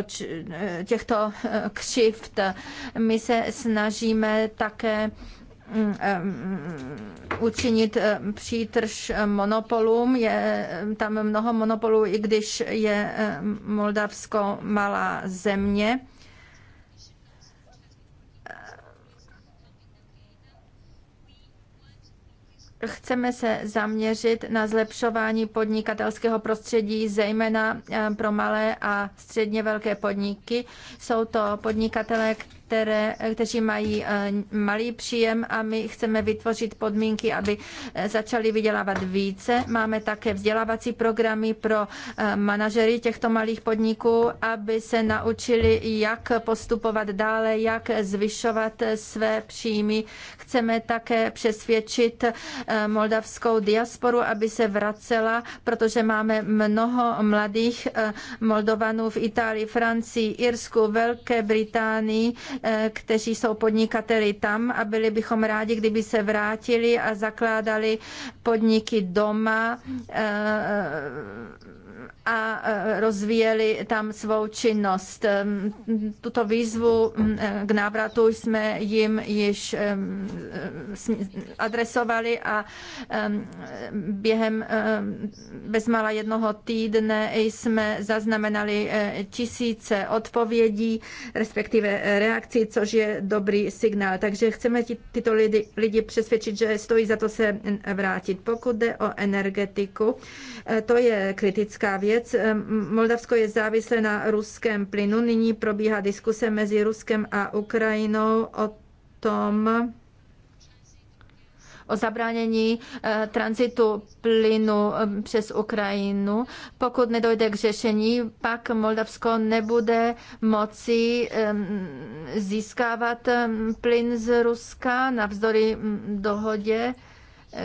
těchto křivt. My se snažíme také Mm, učinit eh, přítrž eh, monopolům. Je eh, tam mnoho monopolů, i když je Moldavsko malá země. chceme se zaměřit na zlepšování podnikatelského prostředí, zejména pro malé a středně velké podniky. Jsou to podnikatelé, které, kteří mají eh, malý příjem a my chceme vytvořit podmínky, aby eh, začali vydělávat více. Máme také vzdělávací programy pro eh, manažery těchto malých podniků, aby se naučili, jak postupovat dále, jak zvyšovat své příjmy. Chceme také přesvědčit moldavskou diasporu, aby se vracela, protože máme mnoho mladých Moldovanů v Itálii, Francii, Irsku, Velké Británii, Eh, kteří jsou podnikateli tam a byli bychom rádi, kdyby se vrátili a zakládali podniky doma eh, a rozvíjeli tam svou činnost. Tuto výzvu k návratu jsme jim již adresovali a během bezmála jednoho týdne jsme zaznamenali e, tisíce odpovědí, respektive e, reakcí, což je dobrý signál. Takže chceme tyto lidi, lidi přesvědčit, že stojí za to se vrátit. Pokud jde o energetiku, Eh, to je kritická věc. Eh, Moldavsko je závislé na ruském plynu. Nyní probíhá diskuse mezi Ruskem a Ukrajinou o tom, o zabránění eh, tranzitu plynu přes Ukrajinu. Pokud nedojde k řešení, pak Moldavsko nebude moci získávat plyn z Ruska navzdory mm, dohodě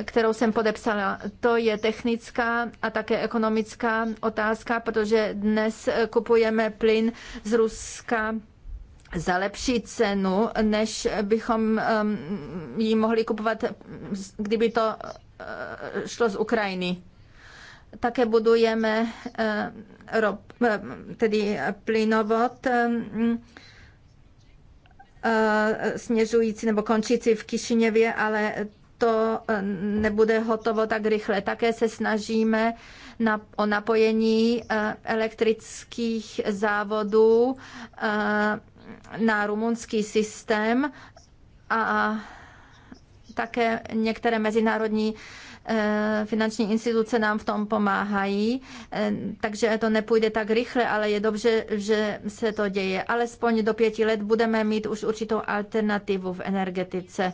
kterou jsem podepsala. To je technická a také ekonomická otázka, protože dnes kupujeme plyn z Ruska za lepší cenu, než bychom um, ji mohli kupovat, kdyby to uh, šlo z Ukrajiny. Také budujeme uh, uh, tedy plynovod um, směřující nebo končící v Kišiněvě, ale to eh, nebude hotovo tak rychle. Také se snažíme na, o napojení eh, elektrických závodů eh, na rumunský systém a také některé mezinárodní finanční instituce nám v tom pomáhají, takže to nepůjde tak rychle, ale je dobře, že se to děje. Alespoň do pěti let budeme mít už určitou alternativu v energetice.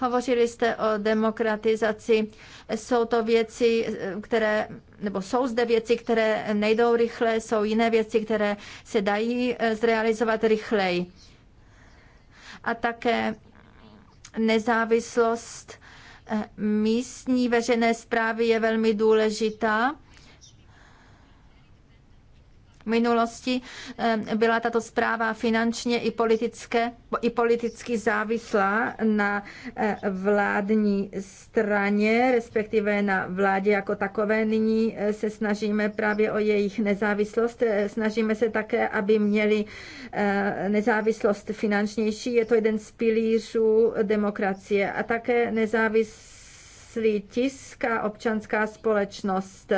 Hovořili jste o demokratizaci. Jsou to věci, které, nebo jsou zde věci, které nejdou rychle, jsou jiné věci, které se dají eh, zrealizovat rychleji. A také nezávislost eh, místní veřejné zprávy je velmi důležitá minulosti eh, byla tato zpráva finančně i, politické, i politicky závislá na eh, vládní straně, respektive na vládě jako takové. Nyní eh, se snažíme právě o jejich nezávislost. Snažíme se také, aby měli nezávislost finančnější. Je to jeden z pilířů demokracie a také nezávislost nezávislý tisk a občanská společnost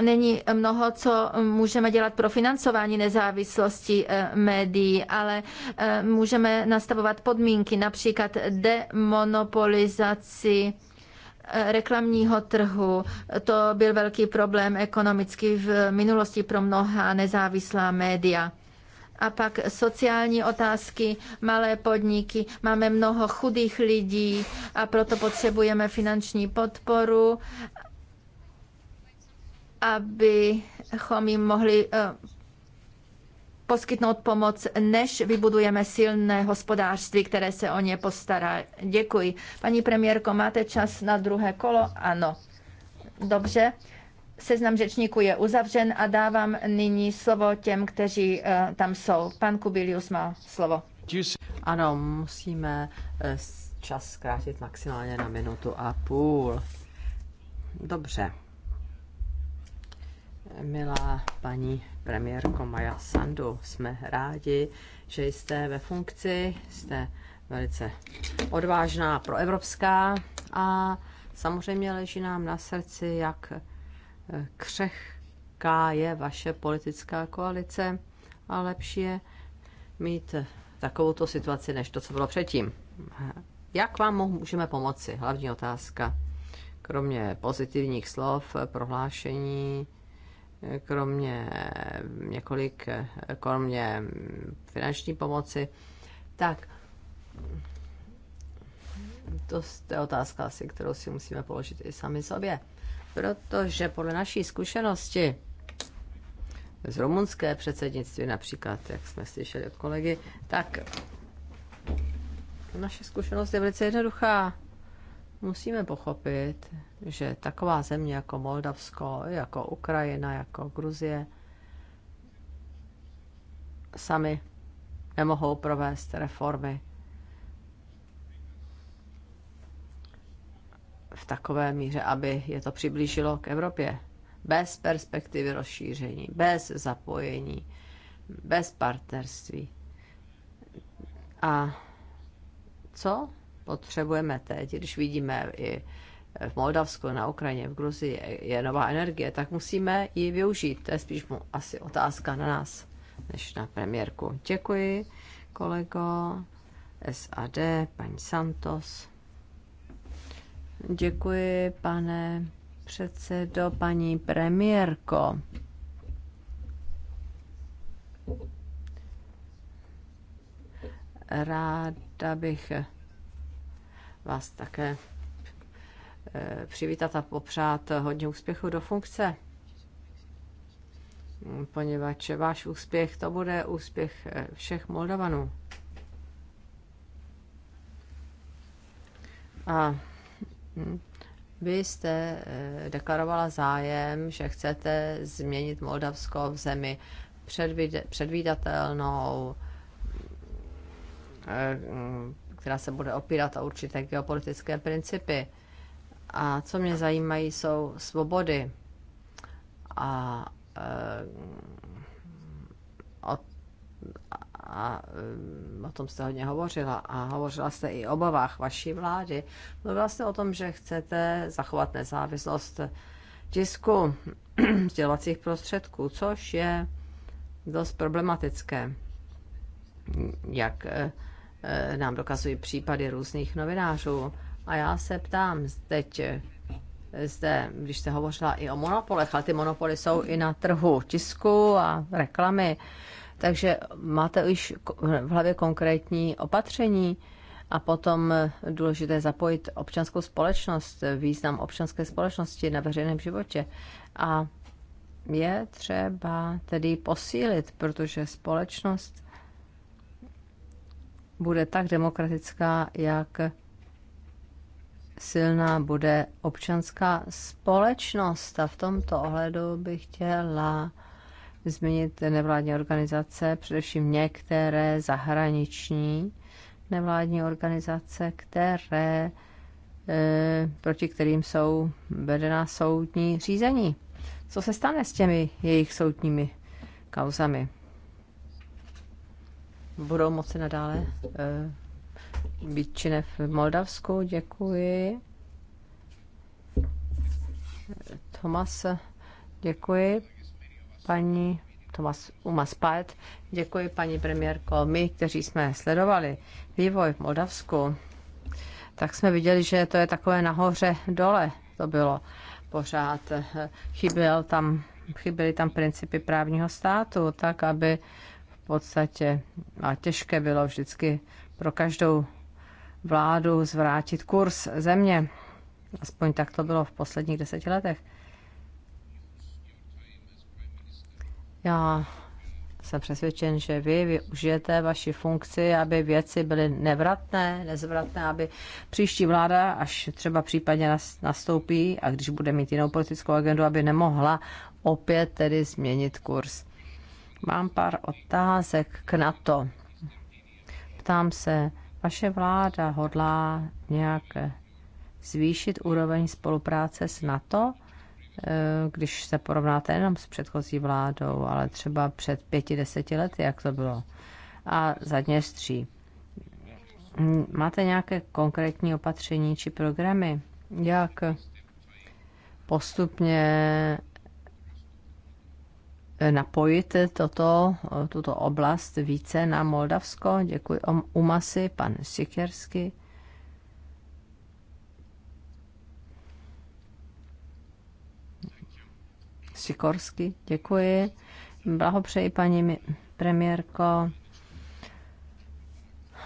není mnoho, co můžeme dělat pro financování nezávislosti eh, médií, ale eh, můžeme nastavovat podmínky, například demonopolizaci eh, reklamního trhu. To byl velký problém ekonomicky v minulosti pro mnoha nezávislá média a pak sociální otázky, malé podniky. Máme mnoho chudých lidí a proto potřebujeme finanční podporu abychom jim mohli eh, poskytnout pomoc, než vybudujeme silné hospodářství, které se o ně postará. Děkuji. Paní premiérko, máte čas na druhé kolo? Ano. Dobře. Seznam řečníků je uzavřen a dávám nyní slovo těm, kteří eh, tam jsou.
Pan Kubilius má slovo. Ano, musíme eh, čas zkrátit maximálně na minutu a půl. Dobře. Milá paní premiérko Maja Sandu, jsme rádi, že jste ve funkci, jste velice odvážná proevropská a samozřejmě leží nám na srdci, jak eh, křehká je vaše politická koalice a lepší je mít eh, takovou situaci, než to, co bylo předtím. Eh, jak vám můžeme pomoci? Hlavní otázka. Kromě pozitivních slov, prohlášení, kromě několik, kromě finanční pomoci. Tak, to je otázka asi, kterou si musíme položit i sami sobě. Protože podle naší zkušenosti z rumunské předsednictví například, jak jsme slyšeli od kolegy, tak naše zkušenost je velice jednoduchá. Musíme pochopit, že taková země jako Moldavsko, jako Ukrajina, jako Gruzie sami nemohou provést reformy v takové míře, aby je to přiblížilo k Evropě. Bez perspektivy rozšíření, bez zapojení, bez partnerství. A co potřebujeme teď, když vidíme i v Moldavsku, na Ukrajině, v Gruzii je nová energie, tak musíme ji využít. To je spíš mu asi otázka na nás, než na premiérku. Děkuji, kolego. SAD, paní Santos. Děkuji, pane předsedo, paní premiérko. Ráda bych vás také eh, přivítat a popřát hodně úspěchu do funkce, mm, poněvadž váš úspěch to bude úspěch eh, všech Moldovanů. A mm, vy jste eh, deklarovala zájem, že chcete změnit Moldavsko v zemi předvídatelnou, mm, která se bude opírat o určité geopolitické principy. A co mě zajímají, jsou svobody. A, eh, a, a eh, o tom jste hodně hovořila a hovořila jste i o obavách vaší vlády. Mluvila jste o tom, že chcete zachovat nezávislost tisku (clears throat) sdělovacích prostředků, což je dost problematické, jak eh, Eh, nám dokazují případy různých novinářů. A já se ptám teď, eh, zde, když jste hovořila i o monopolech, ale ty monopoly jsou i na trhu tisku a reklamy, takže máte už v hlavě konkrétní opatření a potom eh, důležité zapojit občanskou společnost, význam občanské společnosti na veřejném životě. A je třeba tedy posílit, protože společnost bude tak demokratická, jak silná bude občanská společnost. A v tomto ohledu bych chtěla zmínit nevládní organizace, především některé zahraniční nevládní organizace, které eh, proti kterým jsou vedená soudní řízení. Co se stane s těmi jejich soudními kauzami? budou moci nadále eh, být činné v Moldavsku. Děkuji. Tomas, děkuji. Paní Tomas Umas Paet, děkuji paní premiérko. My, kteří jsme sledovali vývoj v Moldavsku, tak jsme viděli, že to je takové nahoře dole to bylo pořád. Chyběl tam, chyběly tam principy právního státu, tak aby v podstatě a těžké bylo vždycky pro každou vládu zvrátit kurz země. Aspoň tak to bylo v posledních deseti letech. Já jsem přesvědčen, že vy využijete vaši funkci, aby věci byly nevratné, nezvratné, aby příští vláda, až třeba případně nastoupí a když bude mít jinou politickou agendu, aby nemohla opět tedy změnit kurz. Mám pár otázek k NATO. Ptám se, vaše vláda hodlá nějak zvýšit úroveň spolupráce s NATO, eh, když se porovnáte jenom s předchozí vládou, ale třeba před pěti, deseti lety, jak to bylo. A stří. Máte nějaké konkrétní opatření či programy, jak postupně napojit toto, tuto oblast více na Moldavsko. Děkuji Umasy, pan Sikersky. Sikorsky, děkuji. Blahopřeji, paní premiérko.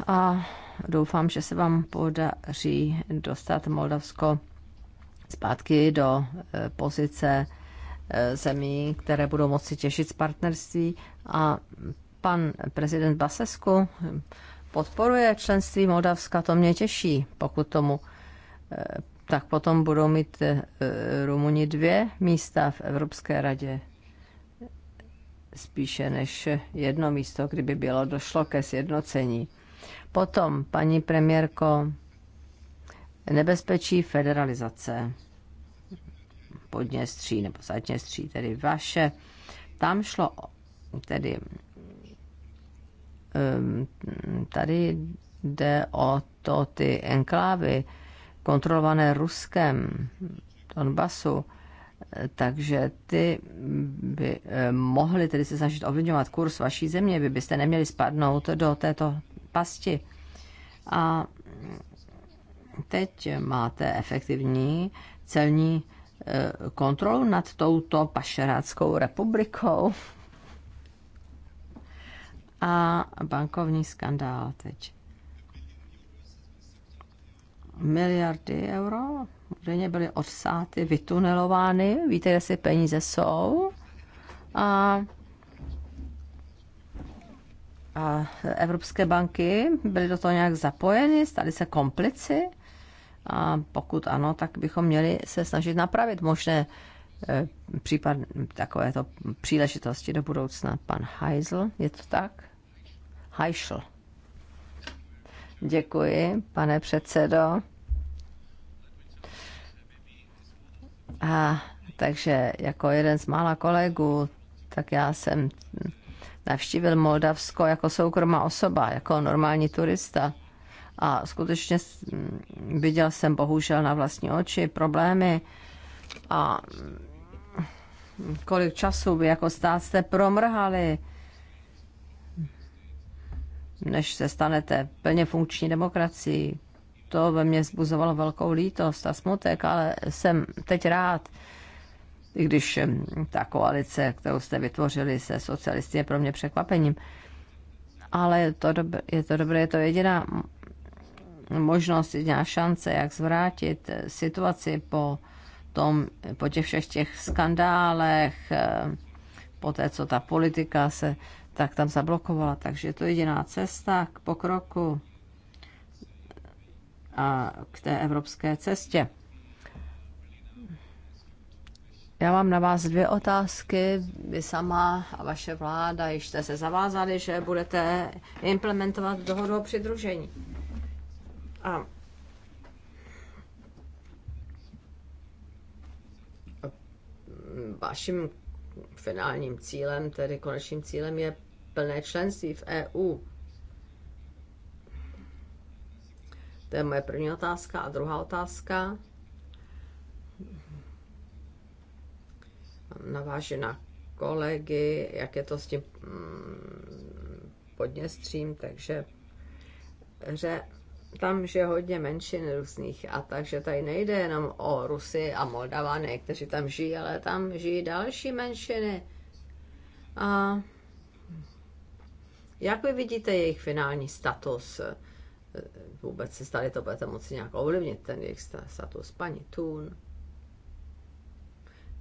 A doufám, že se vám podaří dostat Moldavsko zpátky do eh, pozice Eh, zemí, které budou moci těšit z partnerství. A pan prezident Basesku podporuje členství Moldavska, to mě těší, pokud tomu eh, tak potom budou mít eh, Rumuni dvě místa v Evropské radě spíše než jedno místo, kdyby bylo došlo ke sjednocení. Potom, paní premiérko, nebezpečí federalizace. Podněstří nebo Zadněstří, tedy vaše. Tam šlo tedy tady jde o to ty enklávy kontrolované Ruskem, Donbasu, takže ty by eh, mohly tedy se snažit ovlivňovat kurz vaší země, vy byste neměli spadnout do této pasti. A teď máte efektivní celní Eh, kontrolu nad touto pašeráckou republikou. A bankovní skandál teď. Miliardy euro údajně byly odsáty, vytunelovány. Víte, kde si peníze jsou? A a evropské banky byly do toho nějak zapojeny, staly se komplici a pokud ano, tak bychom měli se snažit napravit možné e, případ takovéto příležitosti do budoucna. Pan Heisel, je to tak? Heisel. Děkuji, pane předsedo. A takže jako jeden z mála kolegů, tak já jsem navštívil Moldavsko jako soukromá osoba, jako normální turista. A skutečně viděl jsem bohužel na vlastní oči problémy a kolik času by jako stát jste promrhali, než se stanete plně funkční demokracií. To ve mně zbuzovalo velkou lítost a smutek, ale jsem teď rád, i když hm, ta koalice, kterou jste vytvořili se socialisty, je pro mě překvapením. Ale je to, dobré, je to dobré, je to jediná možnost, jediná šance, jak zvrátit situaci po, tom, po těch všech těch skandálech, eh, po té, co ta politika se tak tam zablokovala. Takže to je jediná cesta k pokroku a k té evropské cestě. Já mám na vás dvě otázky. Vy sama a vaše vláda již jste se zavázali, že budete implementovat dohodu o přidružení. A vaším finálním cílem, tedy konečným cílem je plné členství v EU. To je moje první otázka. A druhá otázka naváže na kolegy, jak je to s tím mm, podněstřím, takže že tam je hodně menšin různých a takže tady nejde jenom o Rusy a Moldavany, kteří tam žijí, ale tam žijí další menšiny. A jak vy vidíte jejich finální status? Eh, vůbec se tady to budete moci nějak ovlivnit, ten jejich status. Paní Tun.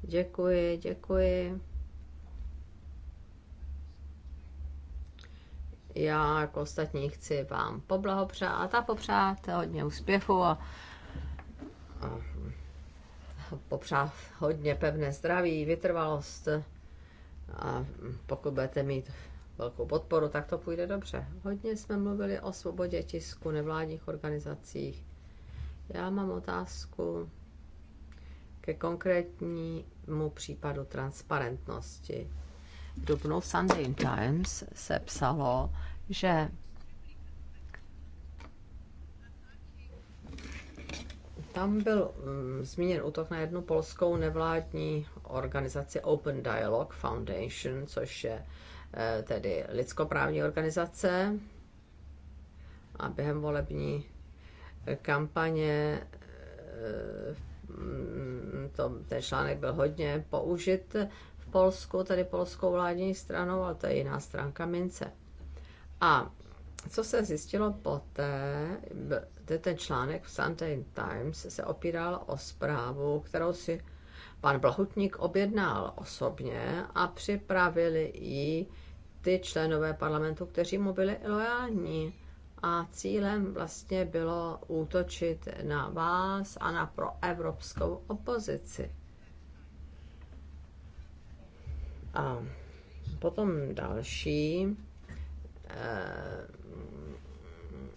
Děkuji, děkuji. já jako ostatní chci vám poblahopřát a popřát hodně úspěchu a, a popřát hodně pevné zdraví, vytrvalost a pokud budete mít velkou podporu, tak to půjde dobře. Hodně jsme mluvili o svobodě tisku, nevládních organizacích. Já mám otázku ke konkrétnímu případu transparentnosti. Dubnu v Sunday Times se psalo, že tam byl um, zmíněn útok na jednu polskou nevládní organizaci Open Dialogue Foundation, což je eh, tedy lidskoprávní organizace. A během volební kampaně eh, mm, to, ten článek byl hodně použit Polsku, tedy polskou vládní stranou, ale to je jiná stránka mince. A co se zjistilo poté, ten článek v Sunday Times se opíral o zprávu, kterou si pan Blahutník objednal osobně a připravili ji ty členové parlamentu, kteří mu byli lojální. A cílem vlastně bylo útočit na vás a na proevropskou opozici. A potom další eh,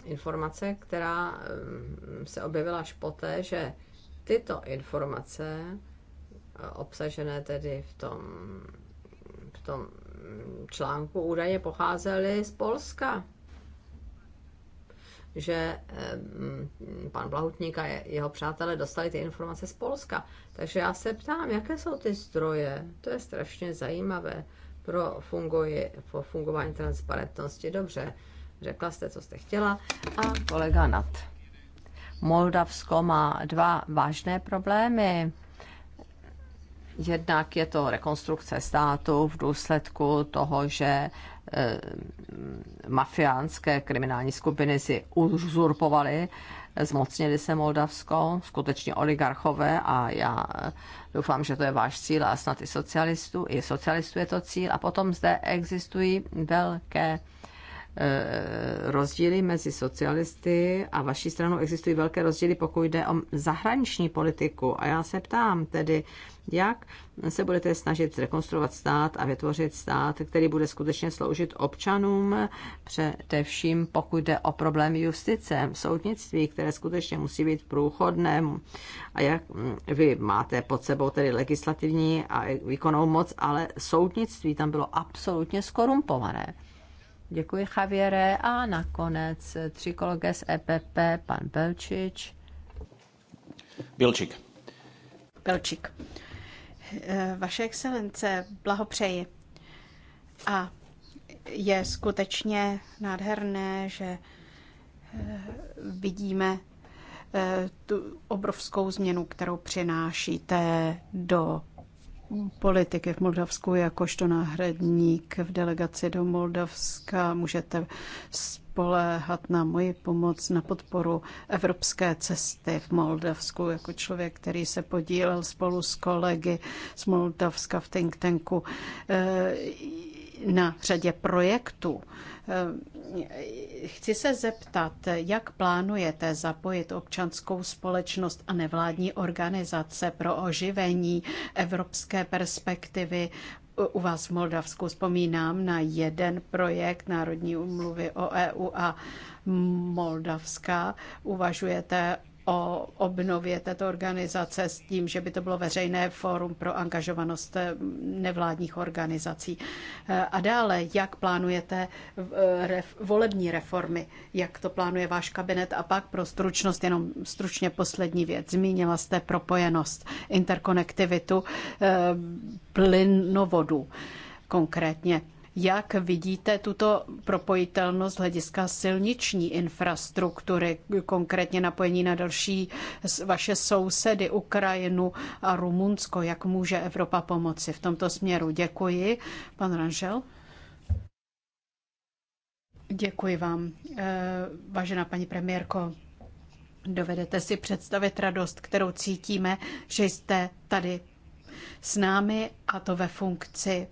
informace, která eh, se objevila až poté, že tyto informace eh, obsažené tedy v tom, v tom článku údajně pocházely z Polska že eh, pan Blahutník a jeho přátelé dostali ty informace z Polska. Takže já se ptám, jaké jsou ty zdroje? To je strašně zajímavé pro, funguji, fungování transparentnosti. Dobře, řekla jste, co jste chtěla. A kolega Nat. Moldavsko má dva vážné problémy. Jednak je to rekonstrukce státu v důsledku toho, že Eh, mafiánské kriminální skupiny si uzurpovaly, zmocnili se Moldavsko, skutečně oligarchové a já eh, doufám, že to je váš cíl a snad i socialistů, i socialistů je to cíl. A potom zde existují velké Eh, rozdíly mezi socialisty a vaší stranou existují velké rozdíly, pokud jde o zahraniční politiku. A já se ptám tedy, jak se budete snažit zrekonstruovat stát a vytvořit stát, který bude skutečně sloužit občanům, především pokud jde o problém justice, soudnictví, které skutečně musí být průchodné. A jak mm, vy máte pod sebou tedy legislativní a výkonnou moc, ale soudnictví tam bylo absolutně skorumpované. Děkuji, Javiere. A nakonec tři kolegy z EPP, pan Belčič. Bilčík. Belčik. Eh, vaše
excelence, blahopřeji. A je skutečně nádherné, že eh, vidíme eh, tu obrovskou změnu, kterou přinášíte do politiky v Moldavsku jakožto náhradník v delegaci do Moldavska. Můžete spoléhat na moji pomoc, na podporu evropské cesty v Moldavsku jako člověk, který se podílel spolu s kolegy z Moldavska v think tanku eh, na řadě projektů eh, chci se zeptat, jak plánujete zapojit občanskou společnost a nevládní organizace pro oživení evropské perspektivy u vás v Moldavsku vzpomínám na jeden projekt Národní umluvy o EU a Moldavska. Uvažujete o obnově této organizace s tím, že by to bylo veřejné fórum pro angažovanost eh, nevládních organizací. Eh, a dále, jak plánujete eh, volební reformy, jak to plánuje váš kabinet a pak pro stručnost, jenom stručně poslední věc. Zmínila jste propojenost, interkonektivitu plynovodu konkrétně. Jak vidíte tuto propojitelnost z hlediska silniční infrastruktury, konkrétně napojení na další vaše sousedy, Ukrajinu a Rumunsko? Jak může Evropa pomoci v tomto směru? Děkuji. Pan Ranžel? Děkuji vám. Eh, vážená paní premiérko, dovedete si představit radost, kterou cítíme, že jste tady s námi a to ve funkci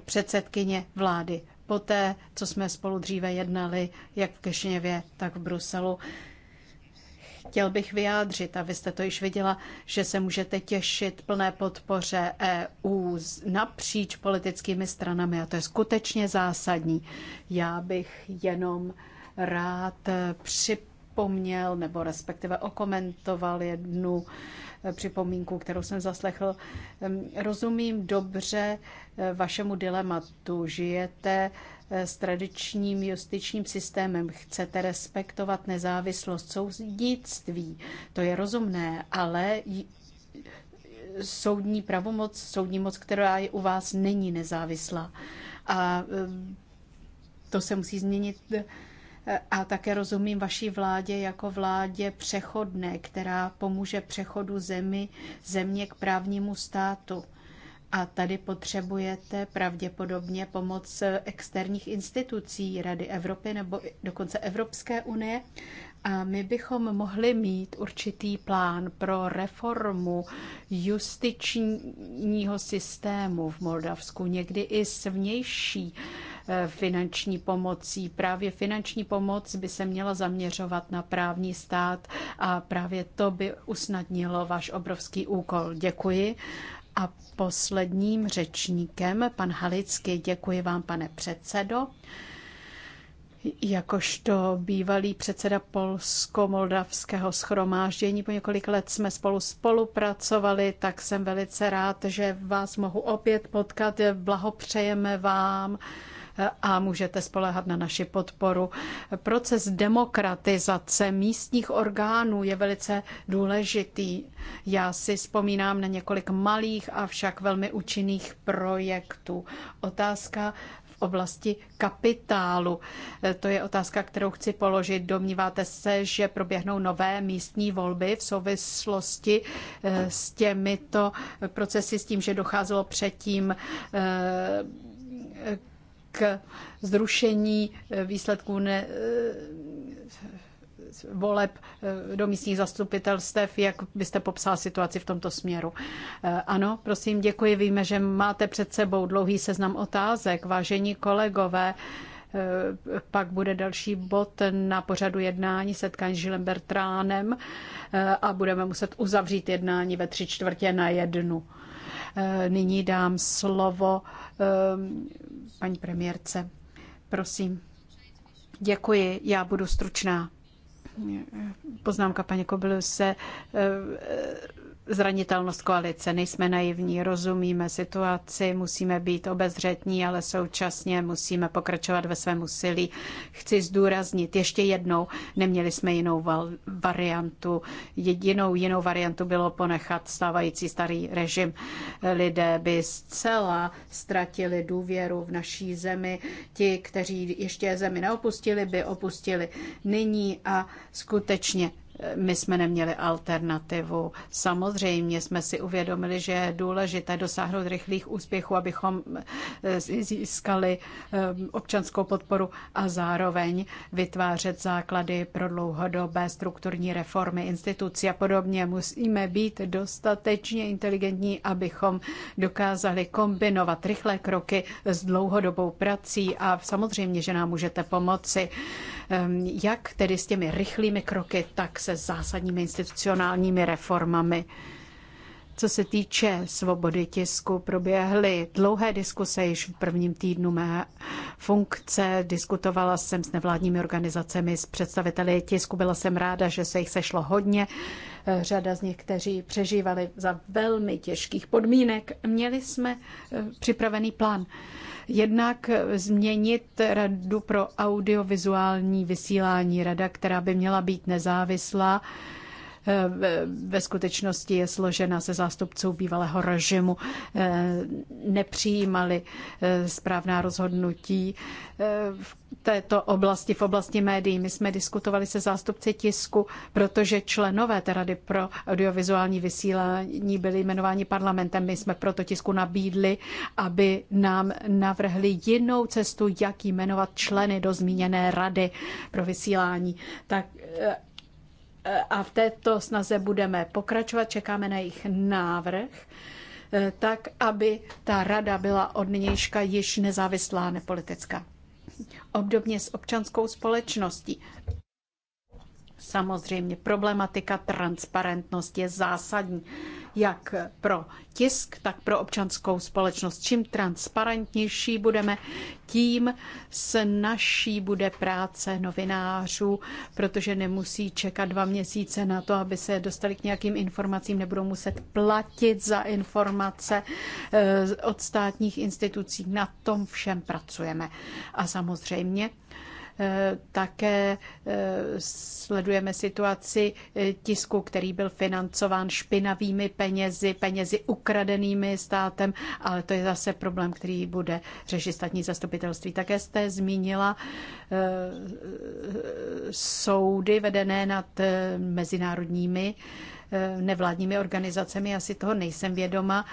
předsedkyně vlády. Poté, co jsme spolu dříve jednali, jak v Kešněvě, tak v Bruselu, chtěl bych vyjádřit, a vy jste to již viděla, že se můžete těšit plné podpoře EU napříč politickými stranami a to je skutečně zásadní. Já bych jenom rád připomněl nebo respektive okomentoval jednu připomínku, kterou jsem zaslechl. Rozumím dobře eh, vašemu dilematu. Žijete eh, s tradičním justičním systémem, chcete respektovat nezávislost soudnictví. To je rozumné, ale soudní pravomoc, soudní moc, která je u vás není nezávislá. A to se musí změnit a také rozumím vaší vládě jako vládě přechodné, která pomůže přechodu zemi, země k právnímu státu. A tady potřebujete pravděpodobně pomoc externích institucí Rady Evropy nebo dokonce Evropské unie. A my bychom mohli mít určitý plán pro reformu justičního systému v Moldavsku, někdy i s vnější uh, finanční pomocí. Právě finanční pomoc by se měla zaměřovat na právní stát a právě to by usnadnilo váš obrovský úkol. Děkuji. A posledním řečníkem, pan Halický, děkuji vám, pane předsedo. Jakožto bývalý předseda Polsko-Moldavského schromáždění, po několik let jsme spolu spolupracovali, tak jsem velice rád, že vás mohu opět potkat. Blahopřejeme vám a můžete spolehat na naši podporu. Proces demokratizace místních orgánů je velice důležitý. Já si vzpomínám na několik malých, a však velmi účinných projektů. Otázka v oblasti kapitálu. To je otázka, kterou chci položit. Domníváte se, že proběhnou nové místní volby v souvislosti eh, s těmito procesy, s tím, že docházelo předtím eh, k zrušení eh, výsledků ne, eh, voleb eh, do místních zastupitelstev, jak byste popsal situaci v tomto směru. Ano, prosím, děkuji. Víme, že máte před sebou dlouhý seznam otázek. Vážení kolegové, pak bude další bod na pořadu jednání setkání s Žilem Bertránem a budeme muset uzavřít jednání ve tři čtvrtě na jednu. Eh, nyní dám slovo ehm, paní premiérce. Prosím. Děkuji, já budu stručná eh, poznámka, paní Kobylu, se eh, zranitelnost koalice. Nejsme naivní, rozumíme situaci, musíme být obezřetní, ale současně musíme pokračovat ve svém úsilí. Chci zdůraznit ještě jednou, neměli jsme jinou variantu. Jedinou jinou variantu bylo ponechat stávající starý režim. Lidé by zcela ztratili důvěru v naší zemi. Ti, kteří ještě zemi neopustili, by opustili nyní a skutečně my jsme neměli alternativu. Samozřejmě jsme si uvědomili, že je důležité dosáhnout rychlých úspěchů, abychom eh, získali eh, občanskou podporu a zároveň vytvářet základy pro dlouhodobé strukturní reformy institucí a podobně. Musíme být dostatečně inteligentní, abychom dokázali kombinovat rychlé kroky s dlouhodobou prací a samozřejmě, že nám můžete pomoci jak tedy s těmi rychlými kroky, tak se zásadními institucionálními reformami. Co se týče svobody tisku, proběhly dlouhé diskuse již v prvním týdnu mé funkce. Diskutovala jsem s nevládními organizacemi, s představiteli tisku. Byla jsem ráda, že se jich sešlo hodně. Řada z nich, kteří přežívali za velmi těžkých podmínek, měli jsme eh, připravený plán. Jednak změnit Radu pro audiovizuální vysílání, rada, která by měla být nezávislá, ve skutečnosti je složena ze zástupců bývalého režimu, e, nepřijímali e, správná rozhodnutí e, v této oblasti, v oblasti médií. My jsme diskutovali se zástupci tisku, protože členové té rady pro audiovizuální vysílání byli jmenováni parlamentem. My jsme proto tisku nabídli, aby nám navrhli jinou cestu, jak jmenovat členy do zmíněné rady pro vysílání. Tak a v této snaze budeme pokračovat, čekáme na jejich návrh, eh, tak aby ta rada byla od nynějška již nezávislá, nepolitická. Obdobně s občanskou společností. Samozřejmě problematika transparentnosti je zásadní jak pro tisk, tak pro občanskou společnost. Čím transparentnější budeme, tím snažší bude práce novinářů, protože nemusí čekat dva měsíce na to, aby se dostali k nějakým informacím, nebudou muset platit za informace eh, od státních institucí. Na tom všem pracujeme. A samozřejmě Eh, také eh, sledujeme situaci eh, tisku, který byl financován špinavými penězi, penězi ukradenými státem, ale to je zase problém, který bude řešit státní zastupitelství. Také jste zmínila soudy vedené nad mezinárodními nevládními organizacemi. Já si toho nejsem vědoma,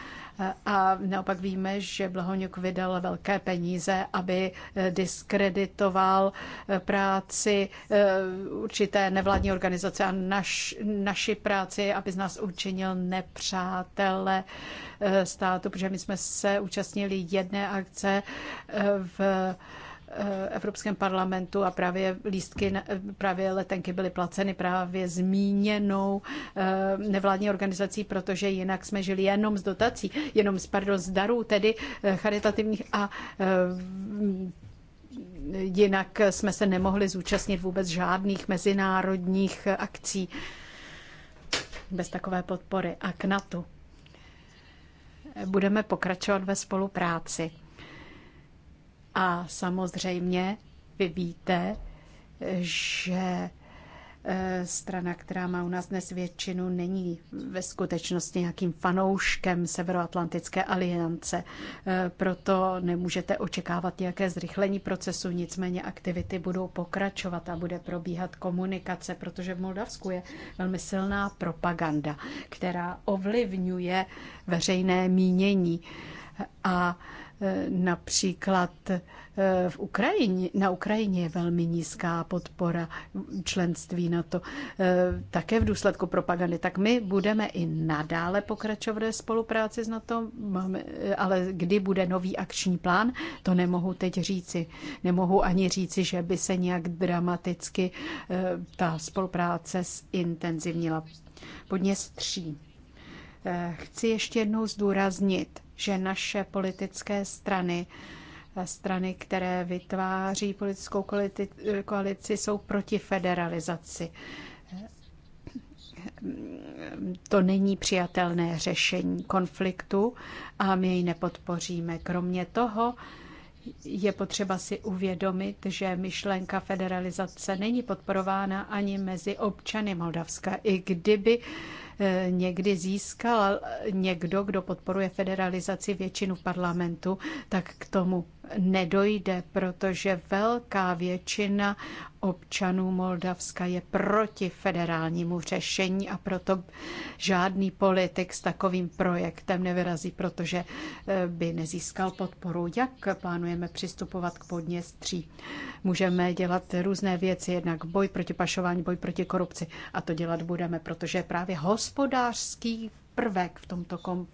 a naopak víme, že Blahoňuk vydal velké peníze, aby eh, diskreditoval eh, práci eh, určité nevládní organizace a naš, naši práci, aby z nás učinil nepřátele státu, protože my jsme se účastnili jedné akce v Eh, Evropském parlamentu a právě lístky, eh, právě letenky byly placeny právě zmíněnou eh, nevládní organizací, protože jinak jsme žili jenom z dotací, jenom z, pardon, z darů, tedy charitativních a jinak jsme se nemohli zúčastnit vůbec žádných mezinárodních akcí bez takové podpory. A k NATO budeme pokračovat ve spolupráci a samozřejmě vy víte, že eh, strana, která má u nás dnes většinu, není ve skutečnosti nějakým fanouškem Severoatlantické aliance. Eh, proto nemůžete očekávat nějaké zrychlení procesu, nicméně aktivity budou pokračovat a bude probíhat komunikace, protože v Moldavsku je velmi silná propaganda, která ovlivňuje veřejné mínění. A Například eh, v Ukrajině, na Ukrajině je velmi nízká podpora členství na to, eh, také v důsledku propagandy. Tak my budeme i nadále pokračovat v spolupráci s NATO, máme, eh, ale kdy bude nový akční plán, to nemohu teď říci. Nemohu ani říci, že by se nějak dramaticky ta spolupráce zintenzivnila. Podněstří. Chci ještě jednou zdůraznit, že naše politické strany eh, strany, které vytváří politickou koalici, jsou proti federalizaci. To není přijatelné řešení konfliktu a my jej nepodpoříme. Kromě toho je potřeba si uvědomit, že myšlenka federalizace není podporována ani mezi občany Moldavska. I kdyby Eh, někdy získal eh, někdo, kdo podporuje federalizaci většinu parlamentu, tak k tomu nedojde, protože velká většina občanů Moldavska je proti federálnímu řešení a proto žádný politik s takovým projektem nevyrazí, protože eh, by nezískal podporu. Jak plánujeme přistupovat k podněstří? Můžeme dělat různé věci, jednak boj proti pašování, boj proti korupci a to dělat budeme, protože právě host hospodářský prvek v tomto kom-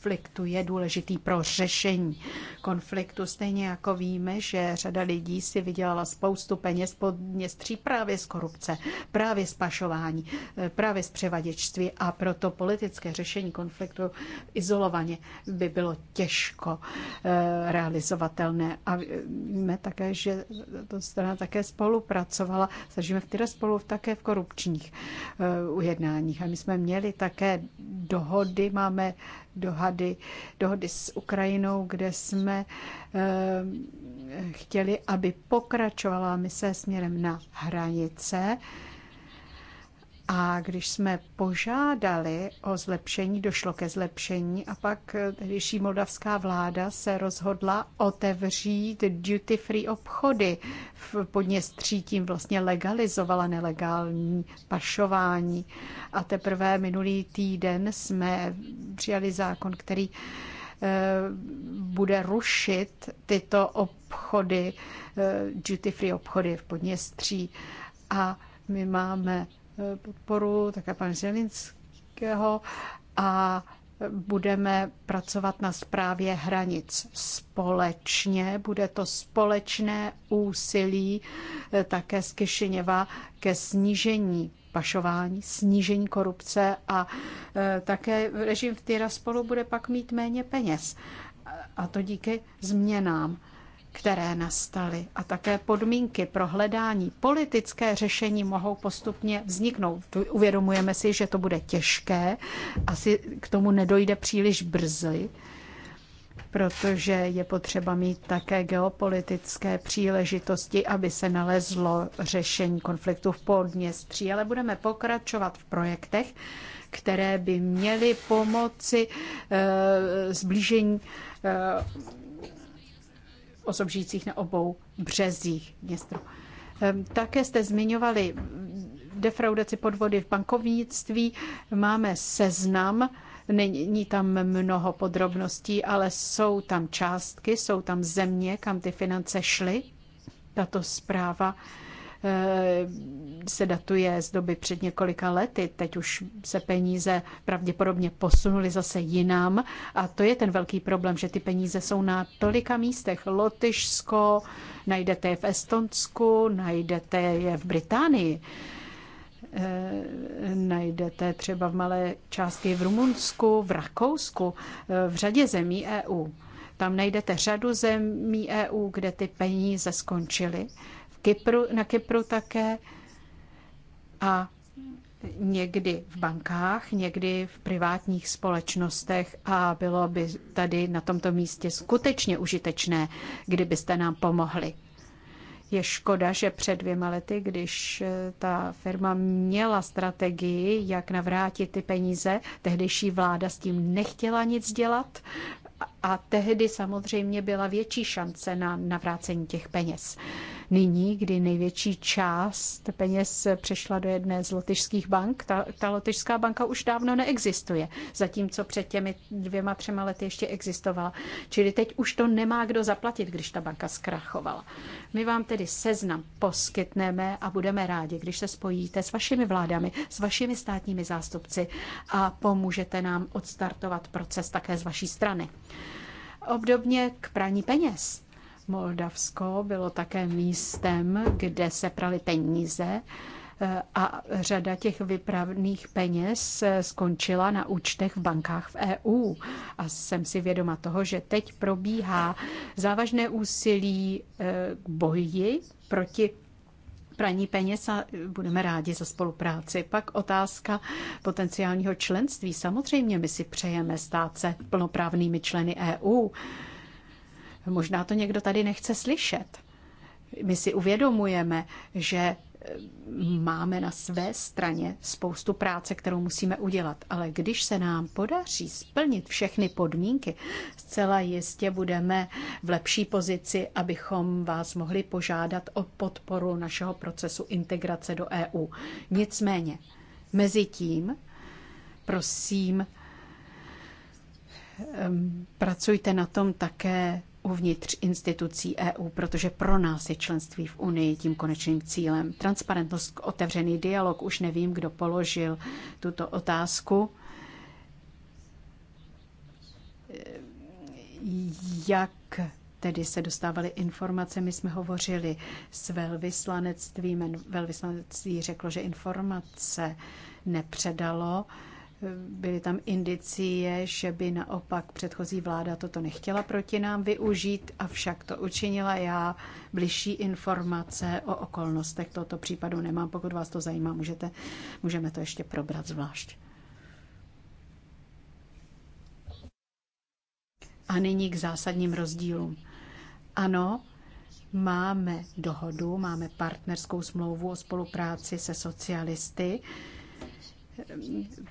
konfliktu je důležitý pro řešení konfliktu. Stejně jako víme, že řada lidí si vydělala spoustu peněz pod městří právě z korupce, právě z pašování, eh, právě z převaděčství a proto politické řešení konfliktu izolovaně by bylo těžko eh, realizovatelné. A víme také, že to strana také spolupracovala, snažíme v spolu také v korupčních eh, ujednáních. A my jsme měli také dohody, máme dohady, dohody s Ukrajinou, kde jsme eh, chtěli, aby pokračovala mise směrem na hranice a když jsme požádali o zlepšení, došlo ke zlepšení a pak tehdejší moldavská vláda se rozhodla otevřít duty free obchody. V Podněstří tím vlastně legalizovala nelegální pašování. A teprve minulý týden jsme přijali zákon, který eh, bude rušit tyto obchody, eh, duty free obchody v Podněstří. A my máme podporu, také pan Želinského a budeme pracovat na zprávě hranic společně. Bude to společné úsilí eh, také z Kišiněva ke snížení pašování, snížení korupce a eh, také režim v spolu bude pak mít méně peněz. A to díky změnám které nastaly a také podmínky pro hledání politické řešení mohou postupně vzniknout. Uvědomujeme si, že to bude těžké, asi k tomu nedojde příliš brzy, protože je potřeba mít také geopolitické příležitosti, aby se nalezlo řešení konfliktu v Podněstří, ale budeme pokračovat v projektech, které by měly pomoci e, zblížení e, osob žijících na obou březích městru. Ehm, také jste zmiňovali defraudaci podvody v bankovnictví. Máme seznam, není tam mnoho podrobností, ale jsou tam částky, jsou tam země, kam ty finance šly. Tato zpráva Eh, se datuje z doby před několika lety. Teď už se peníze pravděpodobně posunuly zase jinam a to je ten velký problém, že ty peníze jsou na tolika místech. Lotyšsko, najdete je v Estonsku, najdete je v Británii eh, najdete třeba v malé části v Rumunsku, v Rakousku, eh, v řadě zemí EU. Tam najdete řadu zemí EU, kde ty peníze skončily Kypru, na Kypru také a někdy v bankách, někdy v privátních společnostech a bylo by tady na tomto místě skutečně užitečné, kdybyste nám pomohli. Je škoda, že před dvěma lety, když ta firma měla strategii, jak navrátit ty peníze, tehdejší vláda s tím nechtěla nic dělat a tehdy samozřejmě byla větší šance na navrácení těch peněz. Nyní, kdy největší část peněz přešla do jedné z lotyšských bank, ta, ta lotyšská banka už dávno neexistuje, zatímco před těmi dvěma, třema lety ještě existovala. Čili teď už to nemá kdo zaplatit, když ta banka zkrachovala. My vám tedy seznam poskytneme a budeme rádi, když se spojíte s vašimi vládami, s vašimi státními zástupci a pomůžete nám odstartovat proces také z vaší strany. Obdobně k praní peněz. Moldavsko bylo také místem, kde se prali peníze eh, a řada těch vypravných peněz eh, skončila na účtech v bankách v EU. A jsem si vědoma toho, že teď probíhá závažné úsilí eh, k boji proti praní peněz a budeme rádi za spolupráci. Pak otázka potenciálního členství. Samozřejmě my si přejeme stát se plnoprávnými členy EU. Možná to někdo tady nechce slyšet. My si uvědomujeme, že máme na své straně spoustu práce, kterou musíme udělat, ale když se nám podaří splnit všechny podmínky, zcela jistě budeme v lepší pozici, abychom vás mohli požádat o podporu našeho procesu integrace do EU. Nicméně, mezi tím, prosím, pracujte na tom také uvnitř institucí EU, protože pro nás je členství v Unii tím konečným cílem. Transparentnost, otevřený dialog, už nevím, kdo položil tuto otázku. Jak tedy se dostávaly informace. My jsme hovořili s velvyslanectvím. Velvyslanectví řeklo, že informace nepředalo. Byly tam indicie, že by naopak předchozí vláda toto nechtěla proti nám využít, avšak to učinila já. Bližší informace o okolnostech tohoto případu nemám. Pokud vás to zajímá, můžete, můžeme to ještě probrat zvlášť. A nyní k zásadním rozdílům. Ano, máme dohodu, máme partnerskou smlouvu o spolupráci se socialisty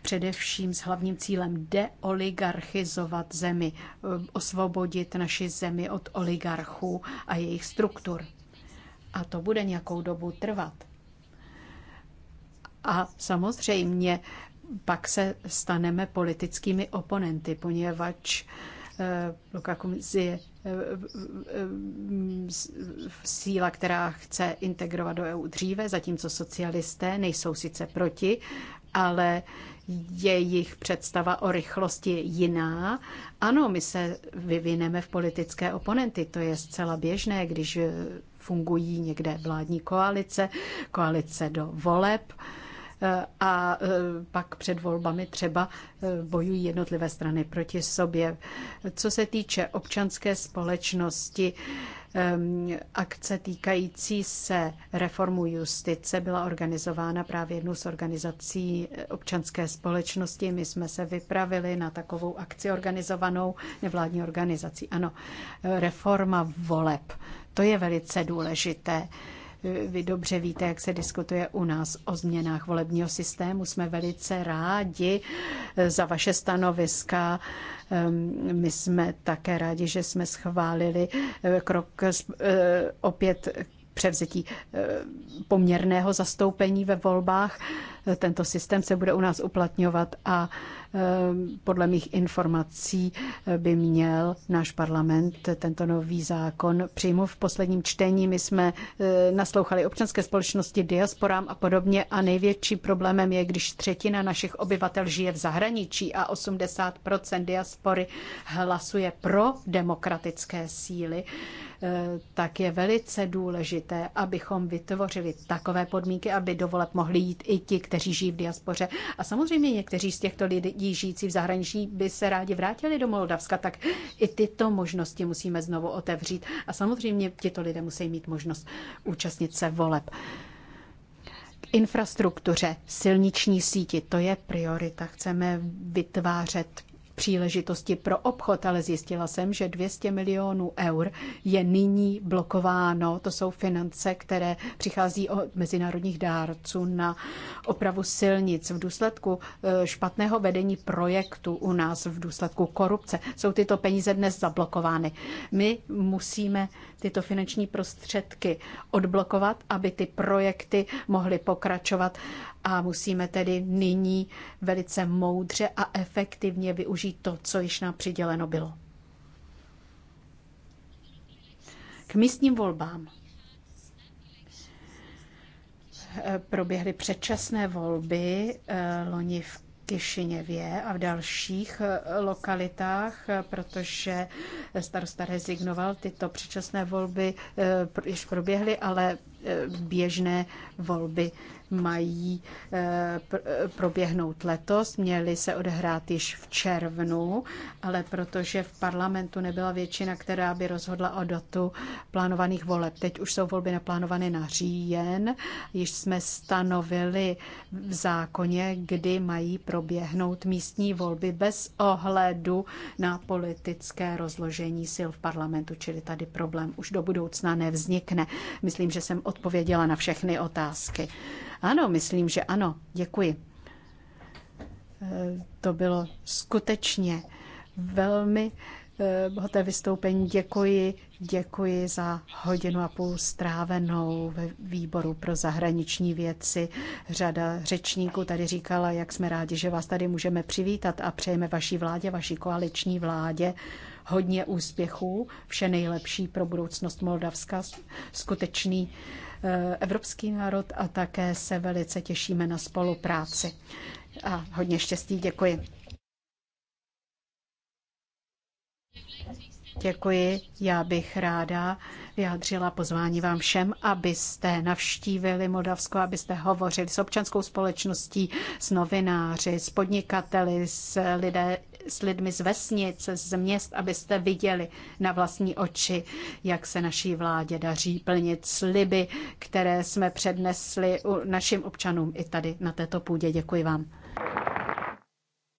především s hlavním cílem deoligarchizovat zemi, osvobodit naši zemi od oligarchů a jejich struktur. A to bude nějakou dobu trvat. A samozřejmě pak se staneme politickými oponenty, poněvadž eh, Lukaku je eh, eh, síla, která chce integrovat do EU dříve, zatímco socialisté nejsou sice proti, ale jejich představa o rychlosti je jiná. Ano, my se vyvineme v politické oponenty, to je zcela běžné, když fungují někde vládní koalice, koalice do voleb eh, a eh, pak před volbami třeba eh, bojují jednotlivé strany proti sobě. Co se týče občanské společnosti, Ehm, akce týkající se reformu justice byla organizována právě jednou z organizací eh, občanské společnosti. My jsme se vypravili na takovou akci organizovanou nevládní organizací. Ano, eh, reforma voleb. To je velice důležité. Vy dobře víte, jak se diskutuje u nás o změnách volebního systému. Jsme velice rádi eh, za vaše stanoviska. Ehm, my jsme také rádi, že jsme schválili eh, krok eh, opět převzetí poměrného zastoupení ve volbách. Tento systém se bude u nás uplatňovat a Eh, podle mých informací eh, by měl náš parlament tento nový zákon přijmout v posledním čtení. My jsme eh, naslouchali občanské společnosti, diasporám a podobně a největší problémem je, když třetina našich obyvatel žije v zahraničí a 80% diaspory hlasuje pro demokratické síly, tak je velice důležité, abychom vytvořili takové podmínky, aby do voleb mohli jít i ti, kteří žijí v diaspoře. A samozřejmě někteří z těchto lidí lidí žijící v zahraničí by se rádi vrátili do Moldavska, tak i tyto možnosti musíme znovu otevřít. A samozřejmě tyto lidé musí mít možnost účastnit se voleb. K infrastruktuře, silniční síti, to je priorita. Chceme vytvářet příležitosti pro obchod, ale zjistila jsem, že 200 milionů eur je nyní blokováno. To jsou finance, které přichází od mezinárodních dárců na opravu silnic v důsledku eh, špatného vedení projektu u nás, v důsledku korupce. Jsou tyto peníze dnes zablokovány. My musíme tyto finanční prostředky odblokovat, aby ty projekty mohly pokračovat a musíme tedy nyní velice moudře a efektivně využít to, co již nám přiděleno bylo. K místním volbám proběhly předčasné volby eh, loni v Kišiněvě a v dalších eh, lokalitách, eh, protože starosta rezignoval. Tyto předčasné volby eh, již proběhly, ale běžné volby mají eh, proběhnout letos, měly se odehrát již v červnu, ale protože v parlamentu nebyla většina, která by rozhodla o datu plánovaných voleb. Teď už jsou volby naplánované na říjen, již jsme stanovili v zákoně, kdy mají proběhnout místní volby bez ohledu na politické rozložení sil v parlamentu, čili tady problém už do budoucna nevznikne. Myslím, že jsem odpověděla na všechny otázky. Ano, myslím, že ano. Děkuji. Eh, to bylo skutečně velmi eh, bohaté vystoupení. Děkuji, děkuji za hodinu a půl strávenou ve výboru pro zahraniční věci. Řada řečníků tady říkala, jak jsme rádi, že vás tady můžeme přivítat a přejeme vaší vládě, vaší koaliční vládě hodně úspěchů, vše nejlepší pro budoucnost Moldavska, skutečný Eh, evropský národ a také se velice těšíme na spolupráci. A hodně štěstí, děkuji. Děkuji. Já bych ráda vyjádřila pozvání vám všem, abyste navštívili Moldavsko, abyste hovořili s občanskou společností, s novináři, s podnikateli, s lidé, s lidmi z vesnic, z měst, abyste viděli na vlastní oči, jak se naší vládě daří plnit sliby, které jsme přednesli našim občanům i tady na této půdě. Děkuji vám.